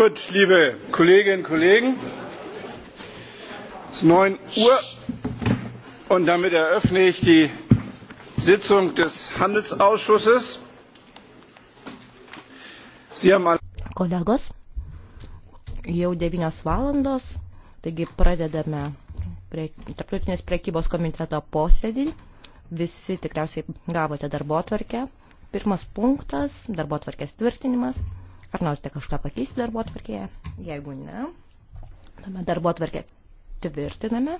Gut, liebe Kolleginnen und Kollegen, es ist 9 Uhr und damit eröffne ich die Sitzung des Handelsausschusses. Sie haben Kolegos, jau 9 valandos, taigi pradedame prie, Tarptautinės prekybos komiteto posėdį. Visi tikriausiai gavote darbo atvarkę. Pirmas punktas – darbo atvarkės tvirtinimas – Ar norite kažką pakeisti darbo atvarkėje? Jeigu ne, tuomet darbo atvarkę tvirtiname.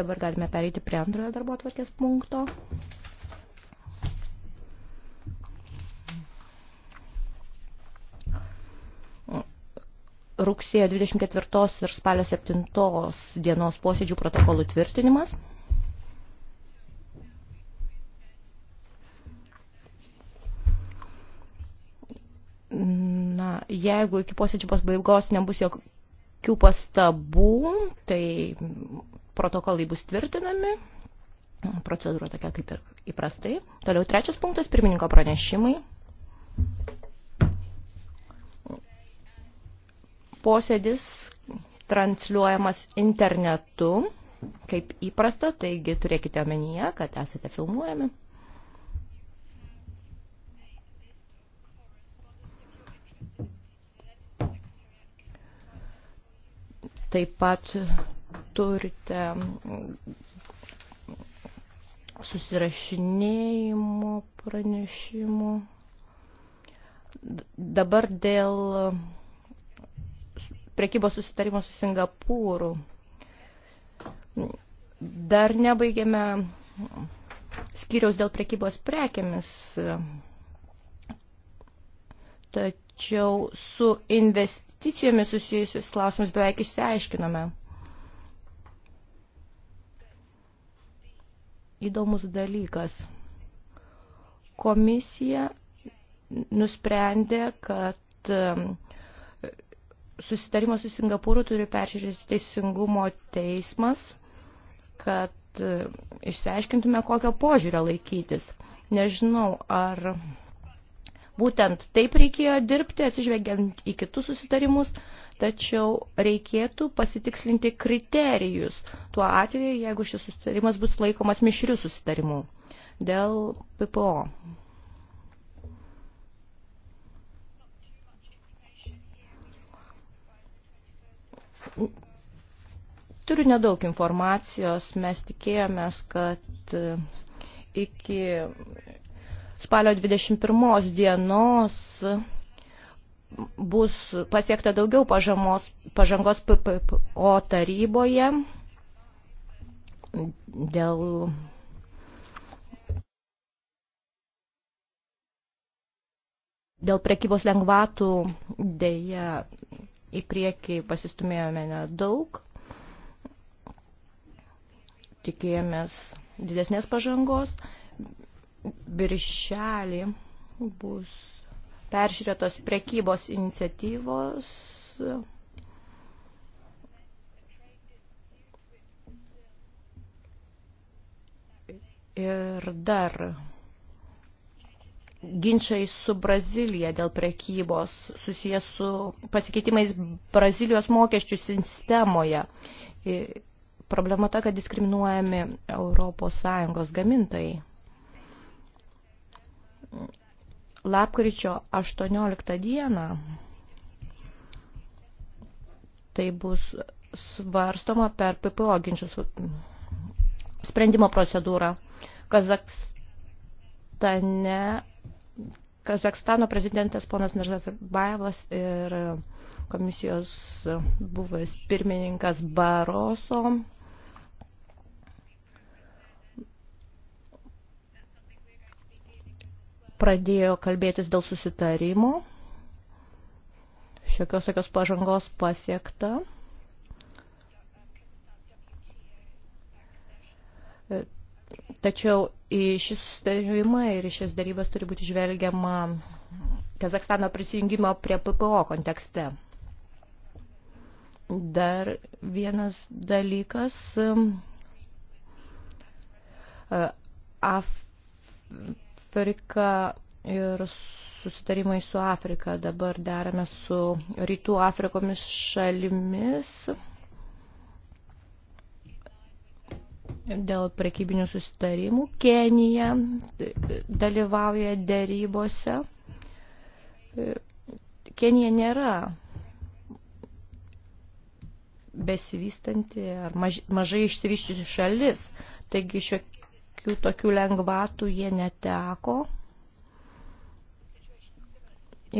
Dabar galime pereiti prie antrojo darbo atvarkės punkto. rugsėjo 24 ir spalio 7 dienos posėdžių protokolų tvirtinimas. Jeigu iki posėdžio pabaigos nebus jokių pastabų, tai protokolai bus tvirtinami. Procedūra tokia kaip ir įprastai. Toliau trečias punktas – pirmininko pranešimai. Posėdis transliuojamas internetu, kaip įprasta, taigi turėkite omenyje, kad esate filmuojami. Taip pat turite susirašinėjimo pranešimų. Dabar dėl prekybos susitarimo su Singapūru. Dar nebaigėme skyriaus dėl prekybos prekėmis, tačiau su investicijomis investicijomis susijusius klausimus beveik išsiaiškinome. Įdomus dalykas. Komisija nusprendė, kad um, susitarimą su Singapūru turi peržiūrėti teisingumo teismas, kad um, išsiaiškintume, kokio požiūrio laikytis. Nežinau, ar Būtent taip reikėjo dirbti, atsižvelgiant į kitus susitarimus, tačiau reikėtų pasitikslinti kriterijus tuo atveju, jeigu šis susitarimas bus laikomas mišrių susitarimų dėl PPO. Turiu nedaug informacijos, mes tikėjomės, kad e, iki spalio 21 dienos bus pasiekta daugiau pažamos, pažangos PPO taryboje dėl dėl prekybos lengvatų dėja į priekį pasistumėjome nedaug. Tikėjomės didesnės pažangos birželį bus peržiūrėtos prekybos iniciatyvos. Ir dar ginčiai su Brazilija dėl prekybos susijęs su pasikeitimais Brazilijos mokesčių sistemoje. Problema ta, kad diskriminuojami ES gamintojai lapkričio 18 dieną tai bus svarstoma per PPO ginčius sprendimo procedūrą. Kazakstane, Kazakstano prezidentas ponas Nazarbajevas ir komisijos buvęs pirmininkas Baroso pradėjo kalbėtis dėl susitarimo. Šiokios tokios pažangos pasiekta. Tačiau į šį susitarimą ir į šias darybas turi būti žvelgiama Kazakstano prisijungimo prie PPO kontekste. Dar vienas dalykas. Af, Afrika ir susitarimai su Afrika. Dabar derame su rytų Afrikomis šalimis dėl prekybinių susitarimų. Kenija dalyvauja dėrybose. Kenija nėra besivystanti ar mažai išsivyščiusi šalis. Taigi šio, jokių tokių lengvatų jie neteko.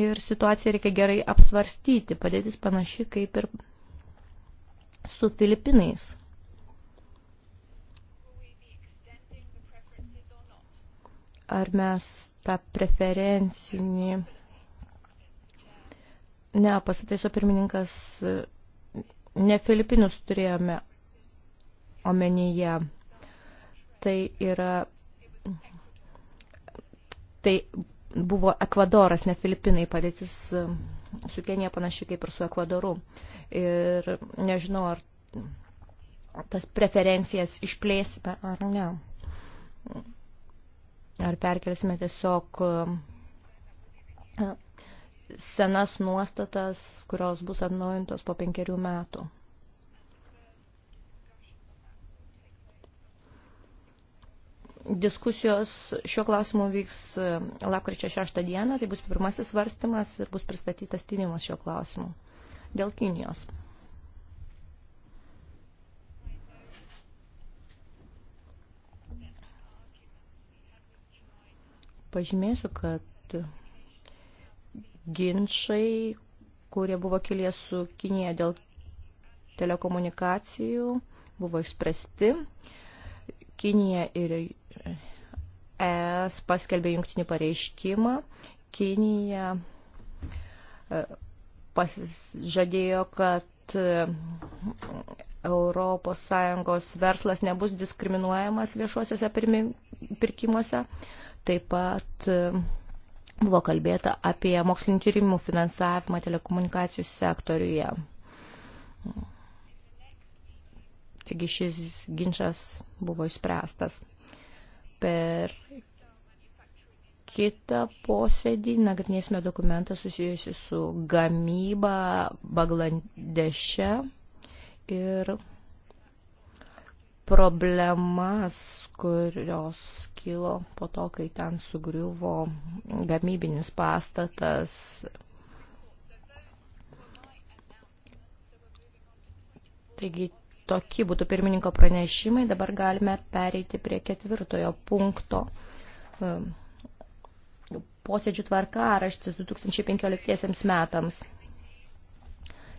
Ir situaciją reikia gerai apsvarstyti, padėtis panaši kaip ir su Filipinais. Ar mes tą preferencinį. Ne, pasitaiso pirmininkas, ne Filipinus turėjome omenyje tai yra. Tai buvo Ekvadoras, ne Filipinai, padėtis su Kenija panašiai kaip ir su Ekvadoru. Ir nežinau, ar tas preferencijas išplėsime ar ne. Ar perkelsime tiesiog e, senas nuostatas, kurios bus atnaujintos po penkerių metų. Diskusijos šiuo klausimu vyks e, lapkričio 6 dieną, tai bus pirmasis svarstymas ir bus pristatytas tyrimas šiuo klausimu dėl Kinijos. Pažymėsiu, kad ginčiai, kurie buvo kilę su Kinija dėl telekomunikacijų, buvo išspręsti. Kinija ir ES paskelbė jungtinį pareiškimą, Kinija e, pasižadėjo, kad ES verslas nebus diskriminuojamas viešuosiuose pirkimuose. Taip pat e, buvo kalbėta apie mokslinį tyrimų finansavimą telekomunikacijų sektoriuje. Taigi šis ginčas buvo išspręstas. Per kitą posėdį nagrinėsime dokumentą susijusi su gamyba Bagladeše ir problemas, kurios kilo po to, kai ten sugriuvo gamybinis pastatas. Taigi Tokie būtų pirmininko pranešimai. Dabar galime pereiti prie ketvirtojo punkto posėdžių tvarkaraštis 2015 metams.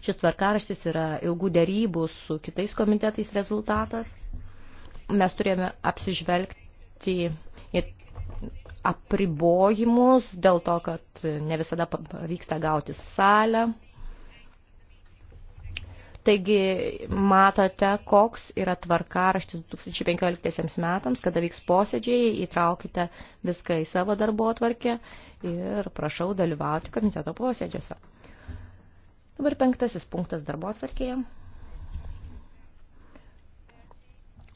Šis tvarkaraštis yra ilgų dėrybų su kitais komitetais rezultatas. Mes turėjome apsižvelgti į apribojimus dėl to, kad ne visada pavyksta gauti salę. Taigi matote, koks yra tvarkaraštis 2015 metams, kada vyks posėdžiai, įtraukite viską į savo darbo atvarkę ir prašau dalyvauti komiteto posėdžiuose. Dabar penktasis punktas darbo atvarkėje.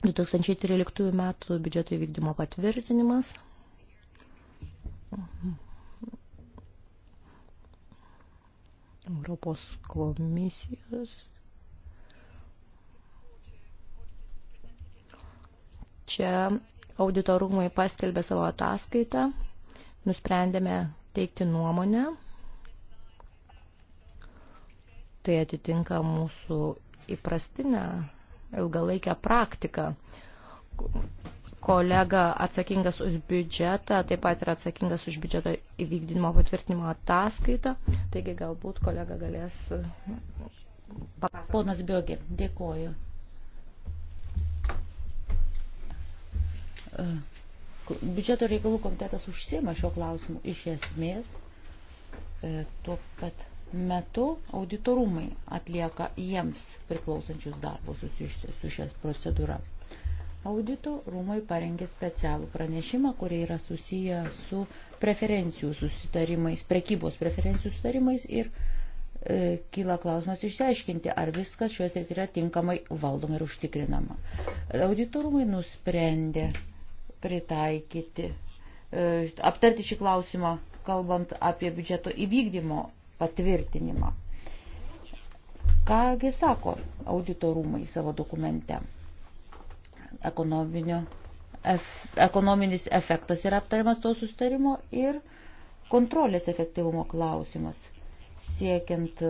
2013 metų biudžeto įvykdymo patvirtinimas. Europos komisijos Čia auditorumai paskelbė savo ataskaitą, nusprendėme teikti nuomonę. Tai atitinka mūsų įprastinę ilgalaikę praktiką. Kolega atsakingas už biudžetą, taip pat yra atsakingas už biudžeto įvykdymo patvirtinimo ataskaitą. Taigi galbūt kolega galės papasakoti. Ponas Biogė, dėkoju. Biudžeto reikalų komitetas užsiema šio klausimu iš esmės. E, tuo pat metu auditorumai atlieka jiems priklausančius darbus susijusius su šias procedūra. Audito rūmai parengė specialų pranešimą, kurie yra susiję su preferencijų susitarimais, prekybos preferencijų susitarimais ir e, kyla klausimas išsiaiškinti, ar viskas šiuose yra tinkamai valdoma ir užtikrinama. Auditorumai nusprendė pritaikyti, e, aptarti šį klausimą, kalbant apie biudžeto įvykdymo patvirtinimą. Kągi sako auditorumai savo dokumente? Ekonominio, ef, ekonominis efektas yra aptariamas to sustarimo ir kontrolės efektyvumo klausimas, siekiant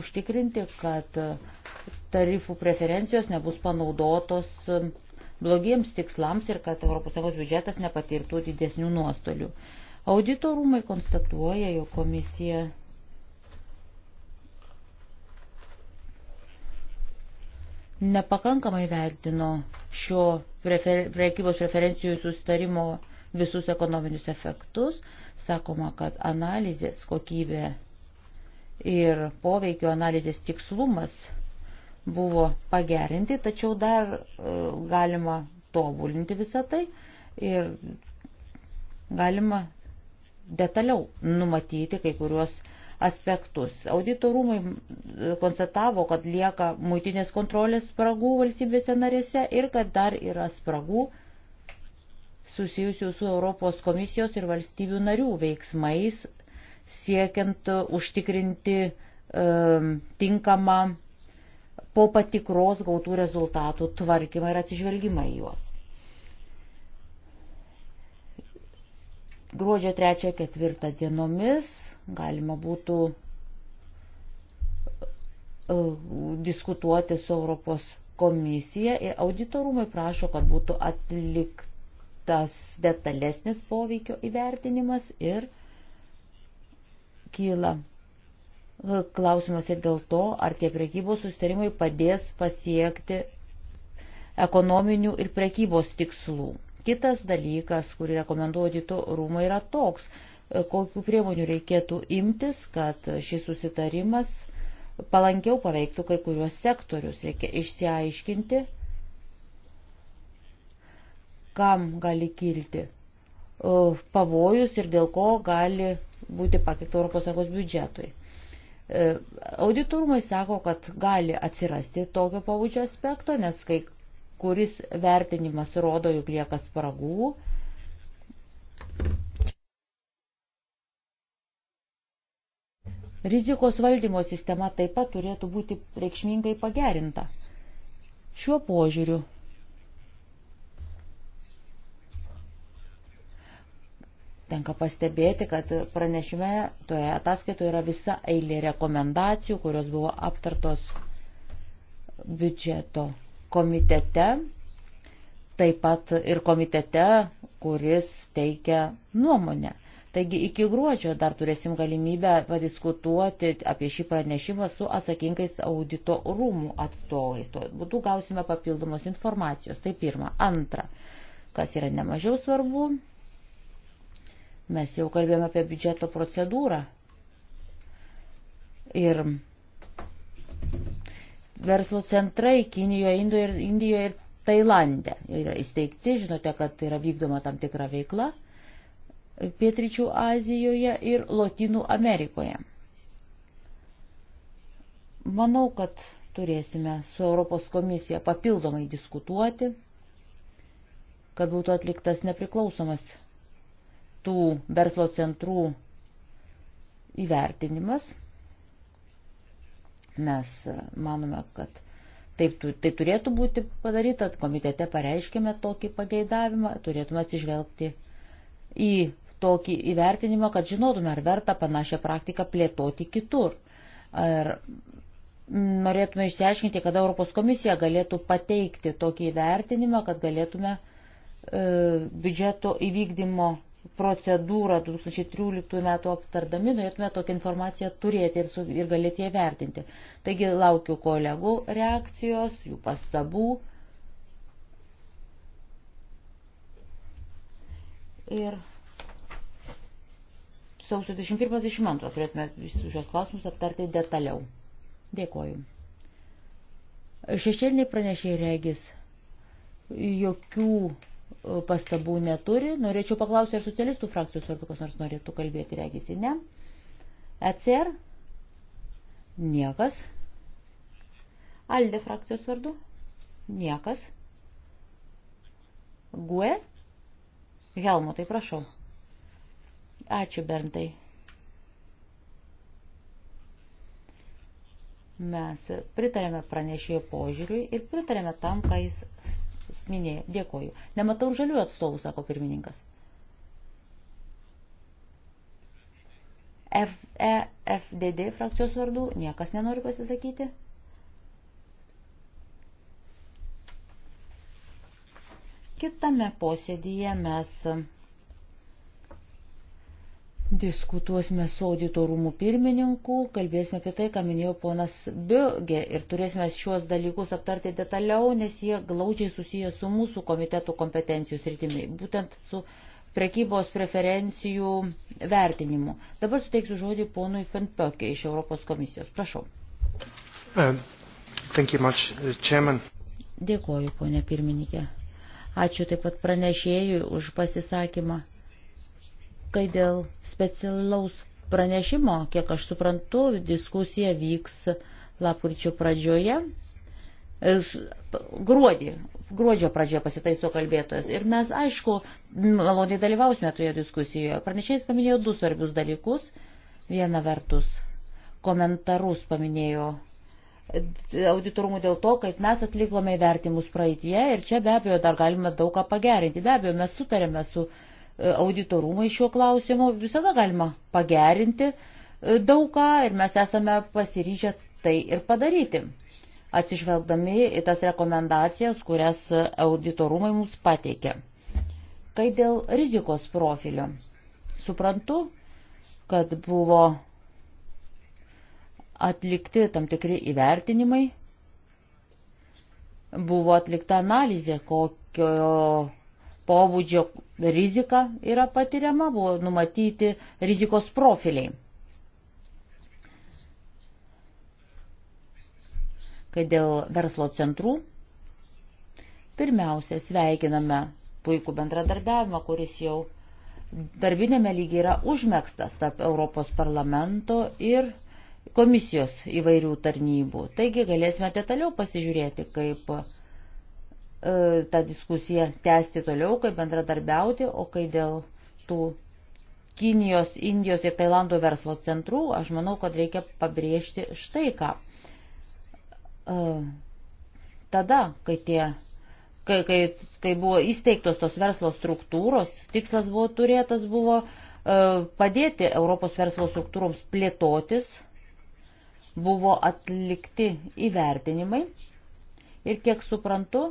užtikrinti, kad tarifų preferencijos nebus panaudotos blogiems tikslams ir kad ES biudžetas nepatirtų didesnių nuostolių. Audito rūmai konstatuoja, jo komisija nepakankamai vertino šio prefer, prekybos preferencijų sustarimo visus ekonominius efektus. Sakoma, kad analizės kokybė ir poveikio analizės tikslumas buvo pagerinti, tačiau dar e, galima tobulinti visą tai ir galima detaliau numatyti kai kuriuos aspektus. Audito rūmai e, konstatavo, kad lieka muitinės kontrolės spragų valstybėse narėse ir kad dar yra spragų susijusių su Europos komisijos ir valstybių narių veiksmais, siekiant užtikrinti e, tinkamą po patikros gautų rezultatų tvarkymą ir atsižvelgimą į juos. Gruodžio 3-4 dienomis galima būtų e, diskutuoti su Europos komisija ir auditorumai prašo, kad būtų atliktas detalesnis poveikio įvertinimas ir kyla E, klausimuose dėl to, ar tie prekybos sustarimai padės pasiekti ekonominių ir prekybos tikslų. Kitas dalykas, kurį rekomenduoju audito rūmai, yra toks, e, kokiu priemonių reikėtų imtis, kad šis susitarimas palankiau paveiktų kai kuriuos sektorius. Reikia išsiaiškinti, kam gali kilti e, pavojus ir dėl ko gali būti pakeikta ES biudžetui. E, auditorumai sako, kad gali atsirasti tokio pavudžio aspekto, nes kai kuris vertinimas rodo, jog lieka spragų. Rizikos valdymo sistema taip pat turėtų būti reikšmingai pagerinta. Šiuo požiūriu Tenka pastebėti, kad pranešime toje ataskaitoje yra visa eilė rekomendacijų, kurios buvo aptartos biudžeto komitete, taip pat ir komitete, kuris teikia nuomonę. Taigi iki gruodžio dar turėsim galimybę padiskutuoti apie šį pranešimą su atsakingais audito rūmų atstovais. Tuo būtų gausime papildomos informacijos. Tai pirma. Antra, kas yra nemažiau svarbu, Mes jau kalbėjome apie biudžeto procedūrą. Ir verslo centrai Kinijoje, Indijoje, Indijoje ir Tailandė yra įsteigti. Žinote, kad yra vykdoma tam tikra veikla Pietryčių Azijoje ir Lotynų Amerikoje. Manau, kad turėsime su Europos komisija papildomai diskutuoti, kad būtų atliktas nepriklausomas tų verslo centrų įvertinimas. Mes e, manome, kad taip, tai turėtų būti padaryta, komitete pareiškime tokį pageidavimą, turėtume atsižvelgti į tokį įvertinimą, kad žinotume, ar verta panašią praktiką plėtoti kitur. Ar norėtume išsiaiškinti, kada Europos komisija galėtų pateikti tokį įvertinimą, kad galėtume e, biudžeto įvykdymo procedūrą 2013 metų aptardami, norėtume tokią informaciją turėti ir, su, ir galėti ją vertinti. Taigi laukiu kolegų reakcijos, jų pastabų. Ir sausio 21-22 turėtume visus šios klausimus aptarti detaliau. Dėkoju. Šešėliniai pranešiai regis jokių pastabų neturi. Norėčiau paklausti, ar socialistų frakcijos vardu kas nors norėtų kalbėti, regisi ne. ECR? Niekas. Alde frakcijos vardu? Niekas. Gue? Helmutai, prašau. Ačiū, Berntai. Mes pritarėme pranešėjo požiūriui ir pritarėme tam, ką jis minėjo. Dėkoju. Nematau žalių atstovų, sako pirmininkas. FEFDD frakcijos vardų niekas nenori pasisakyti. Kitame posėdyje mes Diskutuosime su audito rūmų pirmininku, kalbėsime apie tai, ką minėjo ponas Biogė ir turėsime šiuos dalykus aptarti detaliau, nes jie glaudžiai susiję su mūsų komitetų kompetencijų sritimi, būtent su prekybos preferencijų vertinimu. Dabar suteiksiu žodį ponui Fentpökė iš Europos komisijos. Prašau. Uh, much, uh, Dėkoju, ponė pirmininkė. Ačiū taip pat pranešėjui už pasisakymą. Kai dėl specialaus pranešimo, kiek aš suprantu, diskusija vyks lapkričio pradžioje, gruodį, gruodžio pradžioje pasitaiso kalbėtojas. Ir mes, aišku, maloniai dalyvausime toje diskusijoje. Pranešėjas paminėjo du svarbius dalykus. Viena vertus, komentarus paminėjo auditorumų dėl to, kaip mes atlikome įvertimus praeitie ir čia be abejo dar galime daug ką pagerinti. Be abejo, mes sutarėme su E, auditorumai šiuo klausimu visada galima pagerinti e, daugą ir mes esame pasiryžę tai ir padaryti, atsižvelgdami į tas rekomendacijas, kurias auditorumai mums pateikė. Kai dėl rizikos profilio, suprantu, kad buvo atlikti tam tikri įvertinimai, buvo atlikta analizė, kokio pobūdžio rizika yra patiriama, buvo numatyti rizikos profiliai. Kai dėl verslo centrų, pirmiausia, sveikiname puikų bendradarbiavimą, kuris jau darbinėme lygiai yra užmėgstas tarp Europos parlamento ir komisijos įvairių tarnybų. Taigi galėsime detaliau pasižiūrėti, kaip E, tą diskusiją tęsti toliau, kaip bendradarbiauti, o kai dėl tų Kinijos, Indijos ir Tailando verslo centrų, aš manau, kad reikia pabrėžti štai ką. E, tada, kai, tie, kai, kai, kai buvo įsteigtos tos verslo struktūros, tikslas buvo turėtas buvo e, padėti Europos verslo struktūroms plėtotis, buvo atlikti įvertinimai ir kiek suprantu,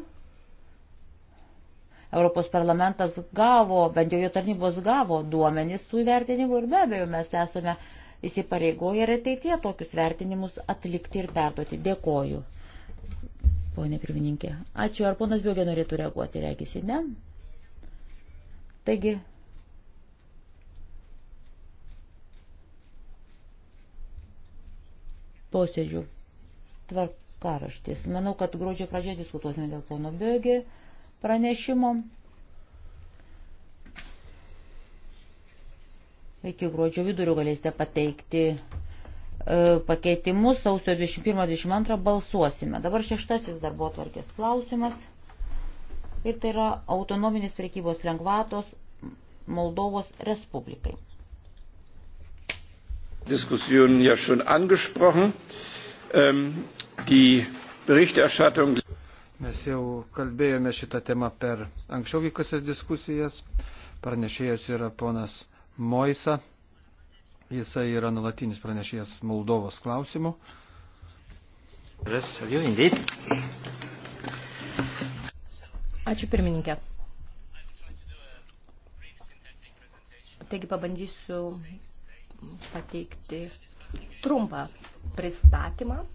Europos parlamentas gavo, bent jau jo tarnybos gavo duomenys tų įvertinimų ir be abejo mes esame įsipareigoję ir ateitie tokius vertinimus atlikti ir perduoti. Dėkoju. Pone pirmininkė. Ačiū. Ar ponas Biogė norėtų reaguoti, reikisi, ne? Taigi. Posėdžių tvarkaraštis. Manau, kad gruodžio pradžioje diskutuosime dėl pono Biogė pranešimo. Iki gruodžio vidurio galėsite pateikti e, pakeitimus, sausio 21-22 balsuosime. Dabar šeštasis darbo tvarkės klausimas. Ir tai yra autonominės prekybos lengvatos Moldovos Respublikai. Diskussionen ja schon angesprochen. Ähm, die Berichterstattung. Mes jau kalbėjome šitą temą per anksčiau vykusias diskusijas. Pranešėjas yra ponas Moisa. Jisai yra nulatinis pranešėjas Moldovos klausimų. Ačiū pirmininkė. Taigi pabandysiu pateikti trumpą pristatymą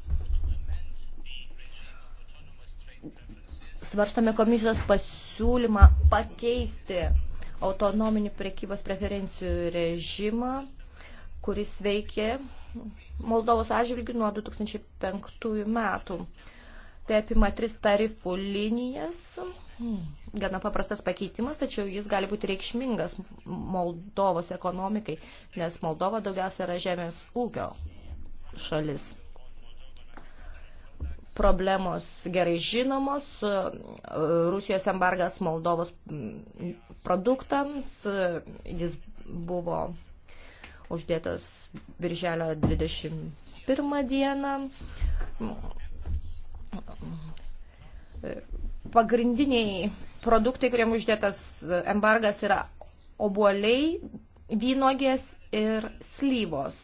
svarstome komisijos pasiūlymą pakeisti autonominį prekybos preferencijų režimą, kuris veikė Moldovos atžvilgių nuo 2005 metų. Tai apima tris tarifų linijas, gana paprastas pakeitimas, tačiau jis gali būti reikšmingas Moldovos ekonomikai, nes Moldova daugiausia yra žemės ūkio šalis problemos gerai žinomos, e, Rusijos embargas Moldovos produktams, e, jis buvo uždėtas birželio 21 dieną. Pagrindiniai produktai, kuriem uždėtas embargas yra obuoliai, vynogės ir slyvos.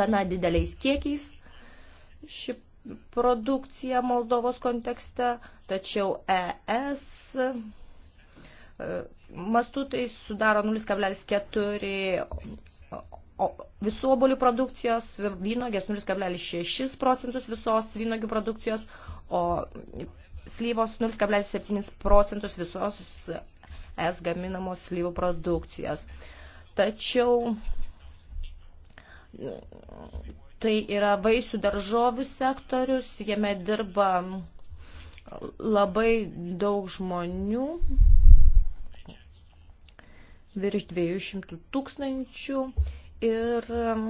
Gana dideliais kiekiais ši produkciją Moldovos kontekste, tačiau ES e, mastu tai sudaro 0,4 visų obolių produkcijos, vynogės 0,6 procentus visos vynogių produkcijos, o slyvos 0,7 procentus visos es gaminamos slyvų produkcijos. Tačiau Tai yra vaisių daržovių sektorius, jame dirba labai daug žmonių, virš 200 tūkstančių ir um,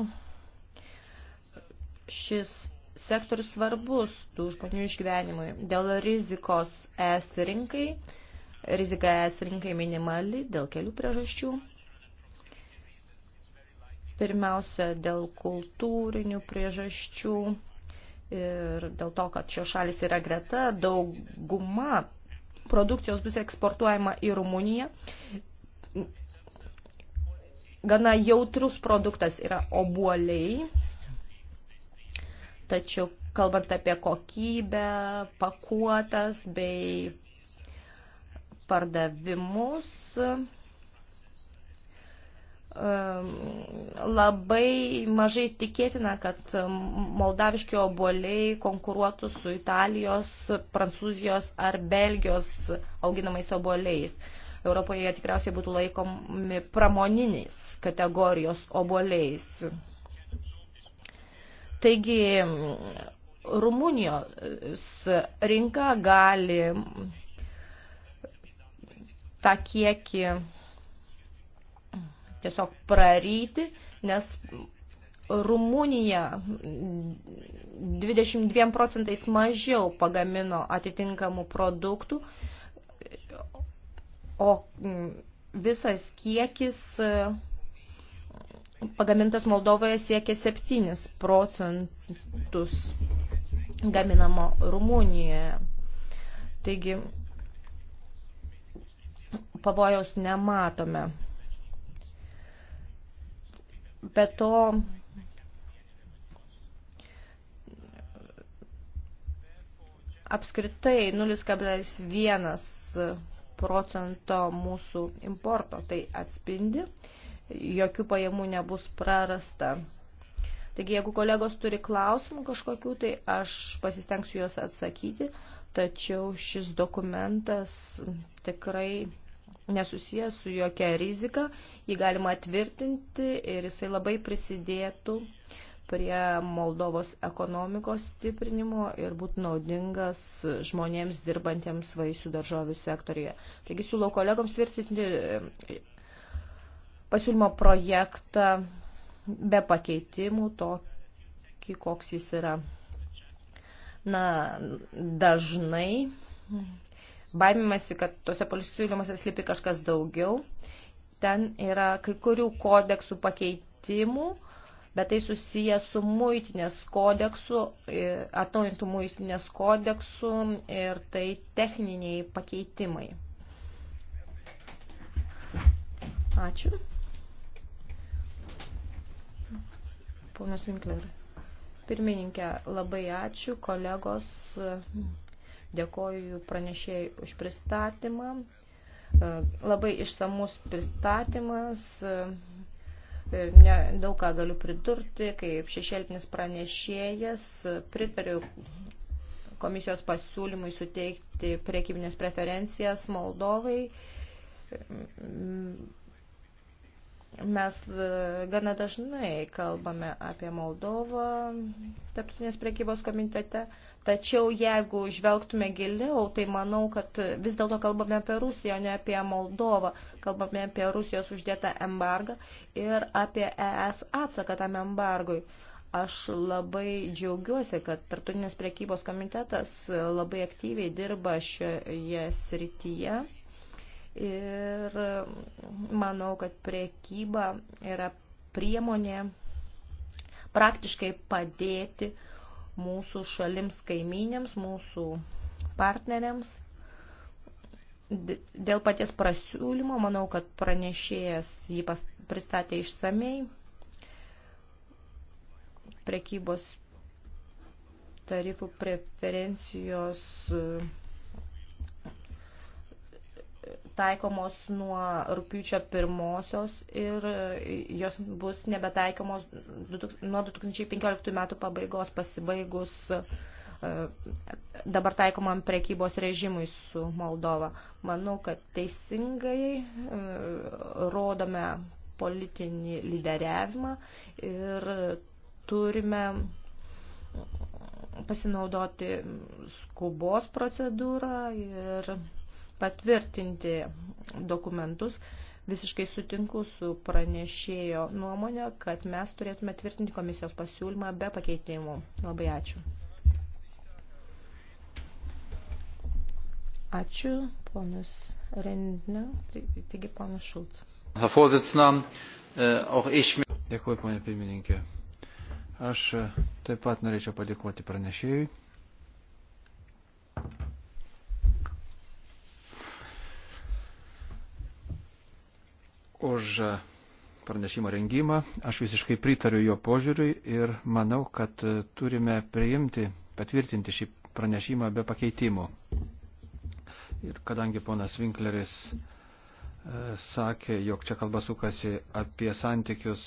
šis sektorius svarbus tų žmonių išgyvenimui. Dėl rizikos es rinkai, rizika es rinkai minimali dėl kelių priežasčių. Pirmiausia, dėl kultūrinių priežasčių ir dėl to, kad šios šalis yra greta, dauguma produkcijos bus eksportuojama į Rumuniją. Gana jautrus produktas yra obuoliai, tačiau kalbant apie kokybę, pakuotas bei pardavimus, labai mažai tikėtina, kad moldaviški oboliai konkuruotų su Italijos, Prancūzijos ar Belgijos auginamais oboliais. Europoje jie tikriausiai būtų laikomi pramoniniais kategorijos oboliais. Taigi Rumunijos rinka gali tą kiekį tiesiog praryti, nes Rumunija 22 procentais mažiau pagamino atitinkamų produktų, o mm, visas kiekis e, pagamintas Moldovoje siekia 7 procentus gaminamo Rumunijoje. Taigi pavojaus nematome. Be to, apskritai 0,1 procento mūsų importo tai atspindi, jokių pajamų nebus prarasta. Taigi, jeigu kolegos turi klausimų kažkokių, tai aš pasistengsiu juos atsakyti, tačiau šis dokumentas tikrai nesusijęs su jokia rizika, jį galima tvirtinti ir jisai labai prisidėtų prie Moldovos ekonomikos stiprinimo ir būtų naudingas žmonėms dirbantiems vaisių daržovių sektorijoje. Taigi siūlau kolegoms tvirtinti e, pasiūlymo projektą be pakeitimų tokį, koks jis yra. Na, dažnai baimimasi, kad tose pasiūlymuose slypi kažkas daugiau. Ten yra kai kurių kodeksų pakeitimų, bet tai susiję su muitinės kodeksu, atnaujintų muitinės kodeksu ir tai techniniai pakeitimai. Ačiū. Ponas Winkler. Pirmininkė, labai ačiū kolegos. Dėkoju pranešėjai už pristatymą. E, labai išsamus pristatymas. E, ne, daug ką galiu pridurti, kaip šešėltinis pranešėjas e, pritariu komisijos pasiūlymui suteikti priekybinės preferencijas Moldovai Mes e, gana dažnai kalbame apie Moldovą tarptautinės prekybos komitete, tačiau jeigu žvelgtume giliau, tai manau, kad vis dėlto kalbame apie Rusiją, ne apie Moldovą, kalbame apie Rusijos uždėtą embargą ir apie ES atsaką tam embargui. Aš labai džiaugiuosi, kad tarptautinės prekybos komitetas labai aktyviai dirba šioje srityje Ir mm, manau, kad priekyba yra priemonė praktiškai padėti mūsų šalims kaiminėms, mūsų partneriams. Dėl paties prasiūlymo, manau, kad pranešėjas jį pas, pristatė išsamei. Prekybos tarifų preferencijos uh, taikomos nuo rūpiučio pirmosios ir jos bus nebetaikomos nuo 2015 metų pabaigos pasibaigus e, dabar taikomam prekybos režimui su Moldova. Manau, kad teisingai e, rodome politinį lyderiavimą ir turime pasinaudoti skubos procedūrą ir patvirtinti dokumentus. Visiškai sutinku su pranešėjo nuomonė, kad mes turėtume tvirtinti komisijos pasiūlymą be pakeitimų. Labai ačiū. Ačiū, ponas Rendne, tai- taigi ponas Šulc. Herr Vorsitzender, äh, auch ich. Dėkuoju, ponė pirmininkė. Aš äh, taip pat norėčiau padėkoti pranešėjui. už pranešimo rengimą. Aš visiškai pritariu jo požiūriui ir manau, kad turime priimti, patvirtinti šį pranešimą be pakeitimų. Ir kadangi ponas Winkleris e, sakė, jog čia kalba sukasi apie santykius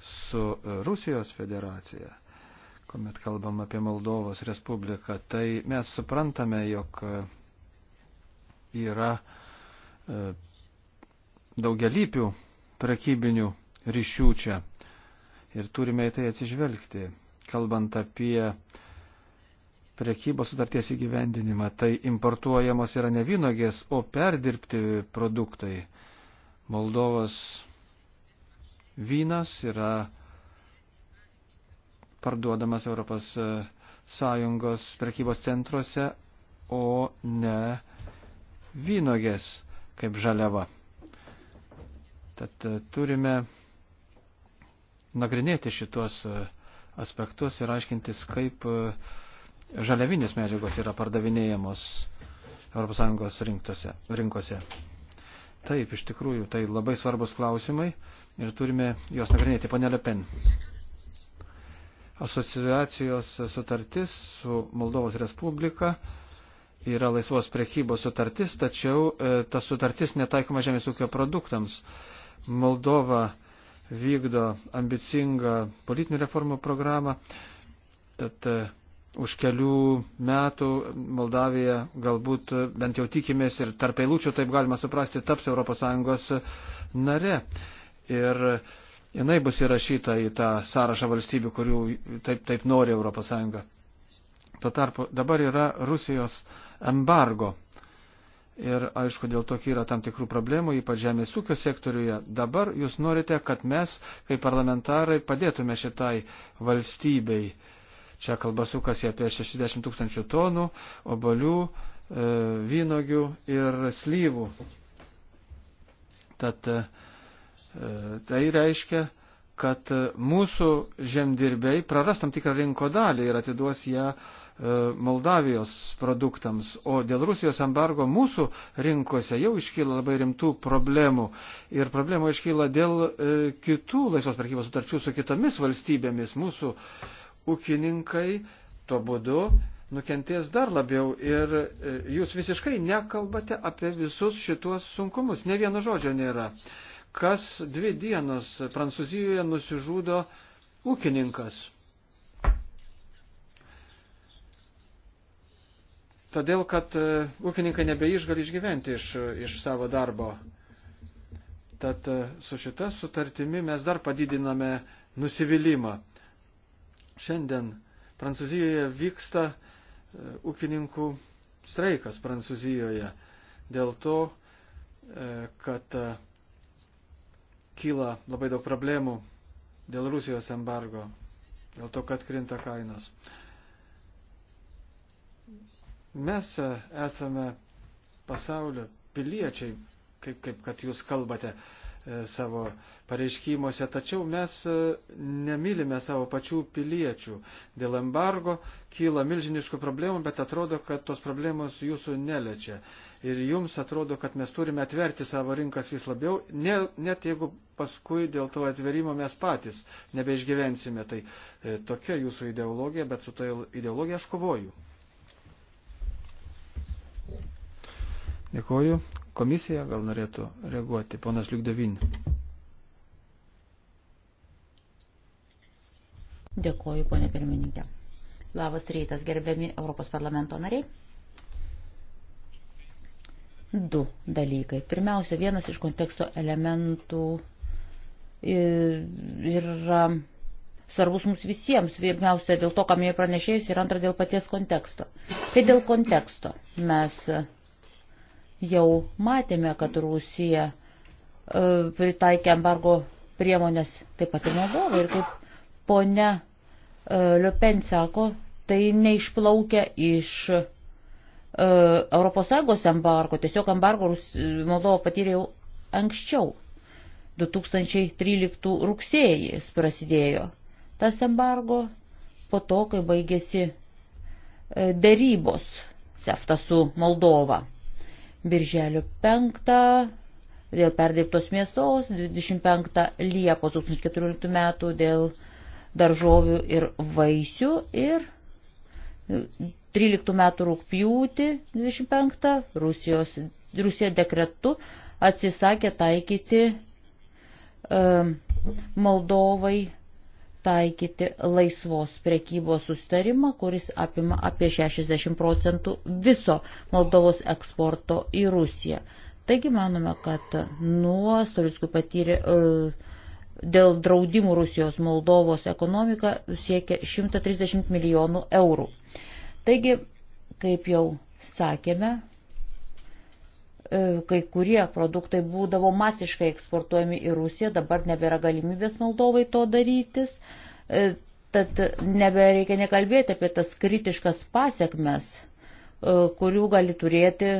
su Rusijos federacija, kuomet kalbam apie Moldovos Respubliką, tai mes suprantame, jog yra e, daugelypių prekybinių ryšių čia. Ir turime į tai atsižvelgti, kalbant apie prekybos sutarties įgyvendinimą. Tai importuojamos yra ne vynogės, o perdirbti produktai. Moldovos vynas yra parduodamas Europos e, Sąjungos prekybos centruose, o ne vynogės kaip žaliava. Tad e, turime nagrinėti šitos e, aspektus ir aiškintis, kaip e, žaliavinės medžiagos yra pardavinėjamos ES rinktose, rinkose. Taip, iš tikrųjų, tai labai svarbus klausimai ir turime juos nagrinėti. Pane Lepen, asociacijos sutartis su Moldovos Respublika yra laisvos prekybos sutartis, tačiau e, ta sutartis netaikoma žemės ūkio produktams. E, Moldova vykdo ambicingą politinių reformų programą, tad e, už kelių metų Moldavija galbūt, e, bent jau tikimės ir tarp eilučių, taip galima suprasti, taps ES nare. Ir jinai bus įrašyta į tą sąrašą valstybių, kurių taip, taip nori ES. Tuo tarpu dabar yra Rusijos embargo Ir aišku, dėl to yra tam tikrų problemų, ypač žemės ūkio sektoriuje. Dabar jūs norite, kad mes, kaip parlamentarai, padėtume šitai valstybei. Čia kalba sukasi apie 60 tūkstančių tonų obolių, e, vynogių ir slyvų. Tad e, tai reiškia, kad mūsų žemdirbiai praras tam tikrą rinko dalį ir atiduos ją e, E, Moldavijos produktams, o dėl Rusijos embargo mūsų rinkose jau iškyla labai rimtų problemų. Ir problemų iškyla dėl e, kitų laisvos prekybos sutarčių su kitomis valstybėmis. Mūsų ūkininkai tuo būdu nukentės dar labiau ir e, jūs visiškai nekalbate apie visus šituos sunkumus. Ne vieno žodžio nėra. Kas dvi dienos Prancūzijoje nusižudo ūkininkas. todėl kad e, ūkininkai nebeišgali išgyventi iš, iš savo darbo. Tad e, su šita sutartimi mes dar padidiname nusivylimą. Šiandien Prancūzijoje vyksta e, ūkininkų streikas Prancūzijoje dėl to, kad kyla labai daug problemų dėl Rusijos embargo, dėl to, kad krinta kainos. Mes e, esame pasaulio piliečiai, kaip, kaip kad jūs kalbate e, savo pareiškimuose, tačiau mes e, nemylime savo pačių piliečių. Dėl embargo kyla milžiniškų problemų, bet atrodo, kad tos problemos jūsų neliečia. Ir jums atrodo, kad mes turime atverti savo rinkas vis labiau, ne, net jeigu paskui dėl to atverimo mes patys nebeišgyvensime. Tai e, tokia jūsų ideologija, bet su ta ideologija aš kovoju. Dėkoju. Komisija gal norėtų reaguoti. Ponas Liukdavin. Dėkoju, ponė pirmininkė. Labas rytas, gerbiami Europos parlamento nariai. Du dalykai. Pirmiausia, vienas iš konteksto elementų yra svarbus mums visiems. Pirmiausia, dėl to, kam jie pranešėjus ir antra, dėl paties konteksto. Tai dėl konteksto mes jau matėme, kad Rusija e, pritaikė embargo priemonės taip pat ir Moldovai. Ir kaip ponia e, Liupen sako, tai neišplaukia iš ES embargo, tiesiog embargo Moldova patyrė jau anksčiau. 2013 rugsėjais prasidėjo tas embargo, po to, kai baigėsi e, dėrybos CEFTA su Moldova birželio 5 dėl perdirbtos mėsos, 25 Liepos 2014 metų dėl daržovių ir vaisių ir 13 metų rūpjūtį 25 Rusijos, Rusija dekretu atsisakė taikyti um, Moldovai taikyti laisvos prekybos sustarimą, kuris apima apie 60 procentų viso Moldovos eksporto į Rusiją. Taigi manome, kad nuostolius, kurį patyrė e, dėl draudimų Rusijos Moldovos ekonomika, siekia 130 milijonų eurų. Taigi, kaip jau sakėme, E, kai kurie produktai būdavo masiškai eksportuojami į Rusiją, dabar nebėra galimybės Moldovai to darytis, e, tad nebereikia nekalbėti apie tas kritiškas pasiekmes, e, kurių gali turėti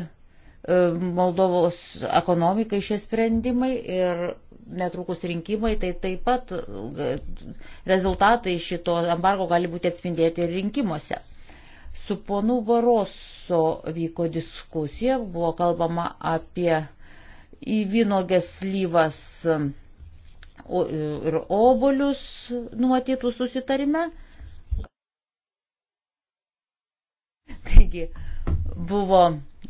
Moldovos ekonomikai šie sprendimai ir netrukus rinkimai, tai taip pat rezultatai šito embargo gali būti atspindėti ir rinkimuose. Su ponu Barosu mėnesio vyko diskusija, buvo kalbama apie į vynogės lyvas ir obolius numatytų susitarime. Taigi buvo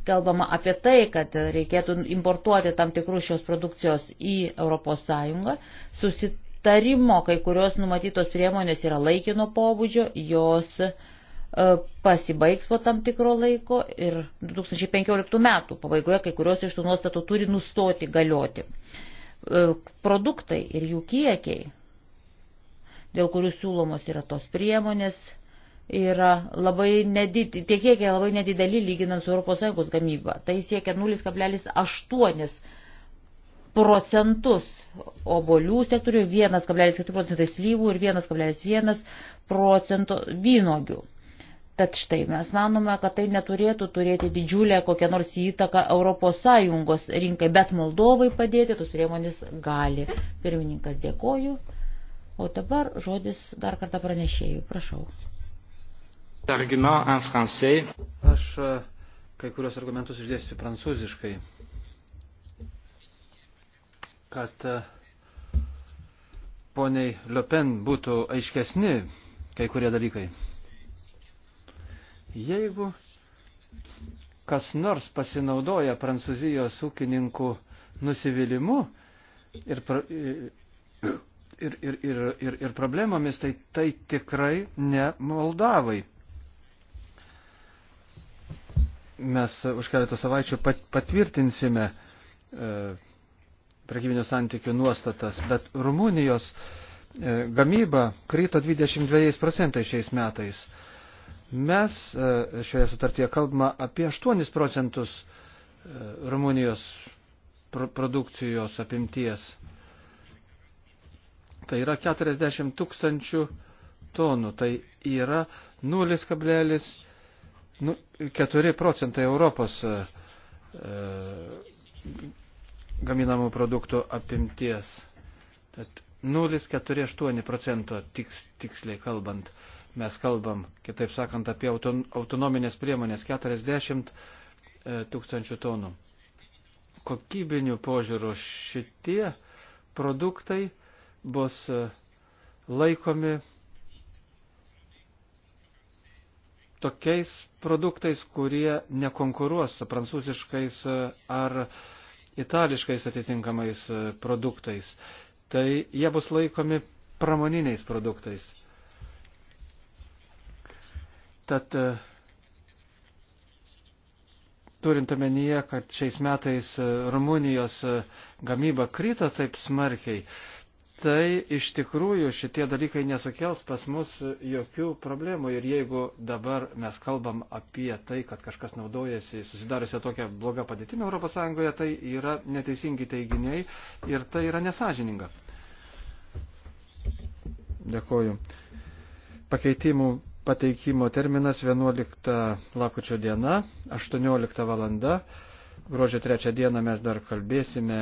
kalbama apie tai, kad reikėtų importuoti tam tikrus šios produkcijos į ES. Susitarimo kai kurios numatytos priemonės yra laikino pobūdžio, jos uh, E, pasibaigs po tam tikro laiko ir 2015 metų pabaigoje kai kurios iš tų nuostatų turi nustoti galioti. E, produktai ir jų kiekiai, dėl kurių siūlomos yra tos priemonės, yra labai nedideli, tie kiekiai labai nedideli lyginant su ES gamyba. Tai siekia 0,8 procentus obolių sektorių, 1,4 procentai slyvų ir 1,1 procento vynogių. Tad štai mes manome, kad tai neturėtų turėti didžiulę kokią nors įtaką ES rinkai, bet Moldovai padėti tos priemonės gali. Pirmininkas dėkoju. O dabar žodis dar kartą pranešėjų. Prašau. Aš e, kai kurios argumentus išdėsiu prancūziškai. Kad e, poniai Liopen būtų aiškesni kai kurie dalykai. Jeigu kas nors pasinaudoja prancūzijos ūkininkų nusivylimu ir, pra, ir, ir, ir, ir, ir problemomis, tai tai tikrai ne Moldavai. Mes už keletą savaičių pat, patvirtinsime e, prekybinių santykių nuostatas, bet Rumunijos e, gamyba kryto 22 procentais šiais metais. E, Mes e, šioje sutartyje kalbame apie 8 procentus e, Rumunijos produkcijos apimties. Tai yra 40 tūkstančių tonų. Tai yra 0,4 nu, procentai Europos e, gaminamų produktų apimties. 0,48 procento tiks, tiksliai kalbant. Uh, mes kalbam, kitaip sakant, apie autonominės priemonės 40 e, tūkstančių tonų. Kokybinių požiūrų šitie produktai bus e, laikomi tokiais produktais, kurie nekonkuruos su prancūziškais e, ar itališkais atitinkamais produktais. Tai jie bus laikomi pramoniniais produktais. Tad e, turint omenyje, kad šiais metais e, Rumunijos e, gamyba krito taip smarkiai, tai iš tikrųjų šitie dalykai nesukels pas mus jokių problemų. Ir jeigu dabar mes kalbam apie tai, kad kažkas naudojasi susidariusią tokią blogą padėtimą ES, tai yra neteisingi teiginiai ir tai yra nesažininga. Dėkoju. Pakeitimų pateikimo terminas 11 lakučio diena, 18 valanda. Gruodžio 3 dieną mes dar kalbėsime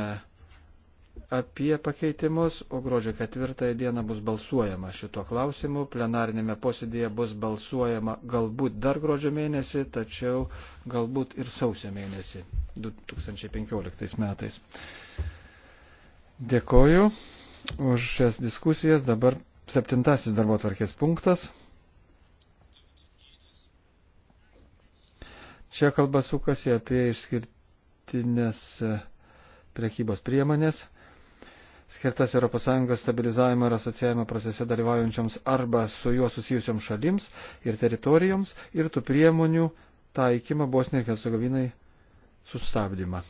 apie pakeitimus, o gruodžio 4 dieną bus balsuojama šito klausimu. Plenarinėme posėdėje bus balsuojama galbūt dar gruodžio mėnesį, tačiau galbūt ir sausio mėnesį 2015 metais. Dėkoju už šias diskusijas. Dabar septintasis darbo tvarkės punktas. Čia kalba sukasi apie išskirtinės e, prekybos priemonės, skirtas ES stabilizavimo ir asociavimo procese dalyvaujančioms arba su juo susijusioms šalims ir teritorijoms ir tų priemonių taikymą Bosniai ir Hercegovinai sustabdymą.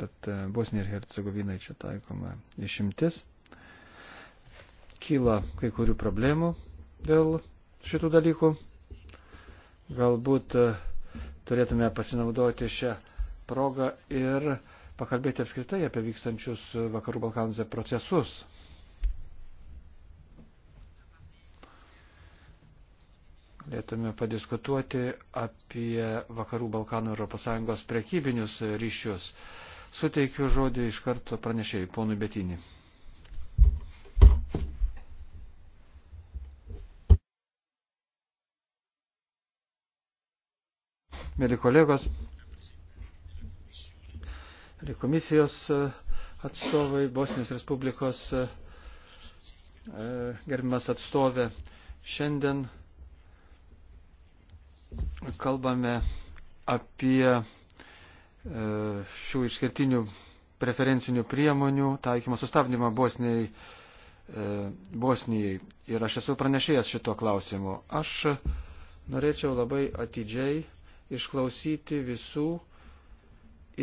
Tad e, Bosniai ir Hercegovinai čia taikoma išimtis. Kyla kai kurių problemų dėl šitų dalykų. Galbūt e, turėtume pasinaudoti šią progą ir pakalbėti apskritai apie vykstančius Vakarų Balkanose procesus. Galėtume padiskutuoti apie Vakarų Balkanų ES prekybinius ryšius. Suteikiu žodį iš karto pranešėjai, ponui Betinį. mėly kolegos, mėly komisijos e, atstovai, Bosnijos Respublikos e, e, gerbimas atstovė. Šiandien kalbame apie šių išskirtinių preferencinių priemonių taikymą sustabdymą Bosnijai. Bosnijai. Ir aš esu pranešėjęs šito klausimu. Aš norėčiau labai atidžiai išklausyti visų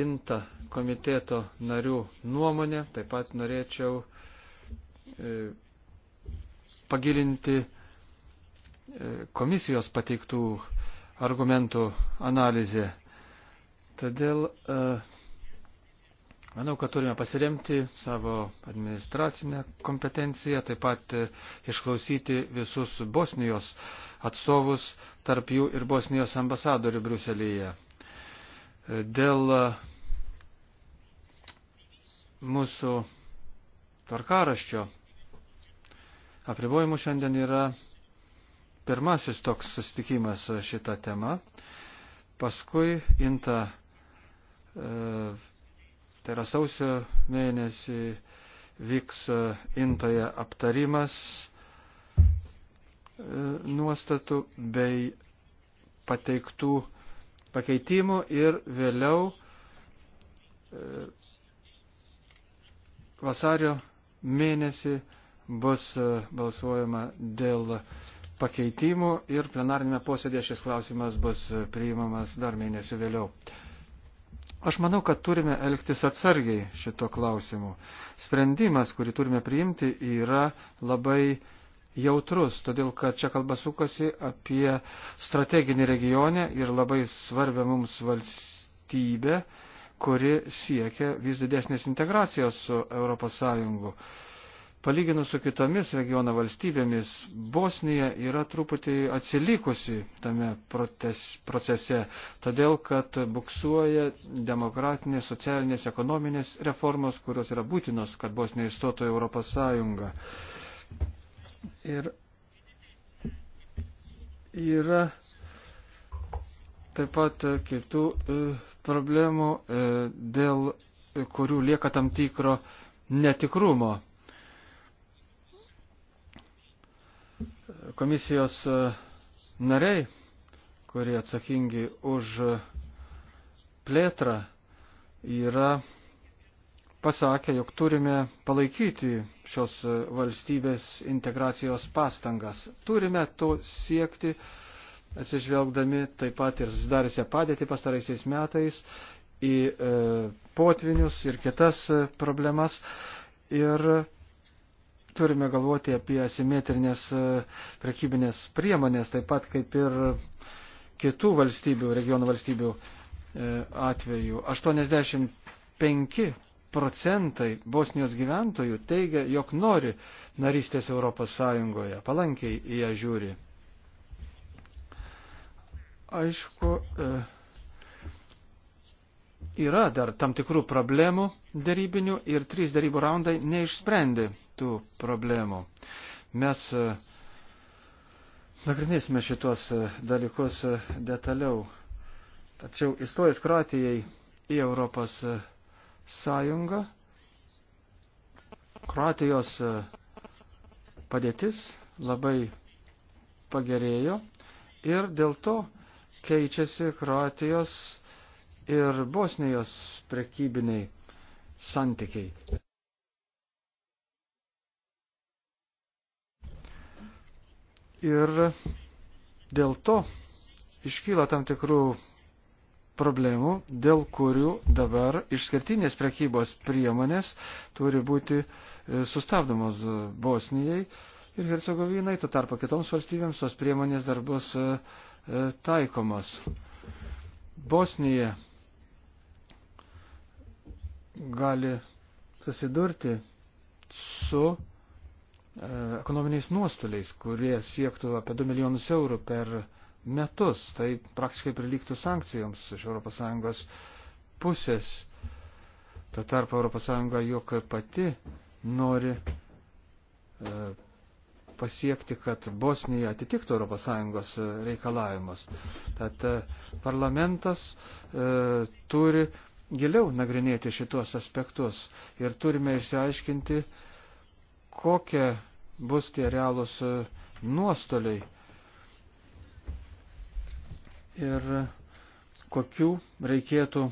INTA komiteto narių nuomonę. Taip pat norėčiau e, pagilinti e, komisijos pateiktų argumentų analizę. Todėl e, Manau, kad turime pasiremti savo administracinę kompetenciją, taip pat e, išklausyti visus Bosnijos atstovus, tarp jų ir Bosnijos ambasadorių Bruselėje. E, dėl e, mūsų tvarkaraščio apribojimų šiandien yra pirmasis toks susitikimas šitą temą. Paskui Inta. E, tai yra sausio mėnesį, vyks e, intoje aptarimas e, nuostatų bei pateiktų pakeitimų ir vėliau e, vasario mėnesį bus balsuojama dėl pakeitimų ir plenarinėme posėdėje šis klausimas bus priimamas dar mėnesiu vėliau. Aš manau, kad turime elgtis atsargiai šito klausimu. Sprendimas, kurį turime priimti, yra labai jautrus, todėl kad čia kalba sukasi apie strateginį regionę ir labai svarbę mums valstybę, kuri siekia vis didesnės integracijos su ES. Palyginus su kitomis regiono valstybėmis, Bosnija yra truputį atsilikusi tame protes, procese, todėl kad buksuoja demokratinės, socialinės, ekonominės reformos, kurios yra būtinos, kad Bosnija įstotų į Europos Sąjungą. Ir yra taip pat kitų e, problemų, e, dėl kurių lieka tam tikro netikrumo komisijos e, nariai, kurie atsakingi už e, plėtrą, yra pasakę, jog turime palaikyti šios e, valstybės integracijos pastangas. Turime to siekti, atsižvelgdami taip pat ir susidariusią padėtį pastaraisiais metais į e, potvinius ir kitas problemas. Ir turime galvoti apie asimetrinės e, prekybinės priemonės, taip pat kaip ir kitų valstybių, regionų valstybių e, atveju. 85 procentai Bosnijos gyventojų teigia, jog nori narystės Europos Sąjungoje, palankiai į ją žiūri. Aišku, e, yra dar tam tikrų problemų darybinių ir trys darybų raundai neišsprendė tų problemų. Mes e, nagrinėsime šitos e, dalykus e, detaliau. Tačiau įstojus Kroatijai į Europos sąjungą, Kroatijos padėtis labai pagerėjo ir dėl to keičiasi Kroatijos ir Bosnijos prekybiniai santykiai. Ir dėl to iškyla tam tikrų problemų, dėl kurių dabar išskirtinės prekybos priemonės turi būti e, sustabdomos Bosnijai ir Hercegovinai, tu tarpa kitoms valstybėms tos priemonės dar bus e, e, taikomos. Bosnija gali susidurti su E, ekonominiais nuostoliais, kurie siektų apie 2 milijonus eurų per metus. Tai praktiškai prilygtų sankcijoms iš ES pusės. Tuo tarpu ES juk pati nori e, pasiekti, kad Bosnija atitiktų ES e, reikalavimus. Tad parlamentas e, turi giliau nagrinėti šitos aspektus ir turime išsiaiškinti, e, kokie bus tie realūs e, nuostoliai ir kokių reikėtų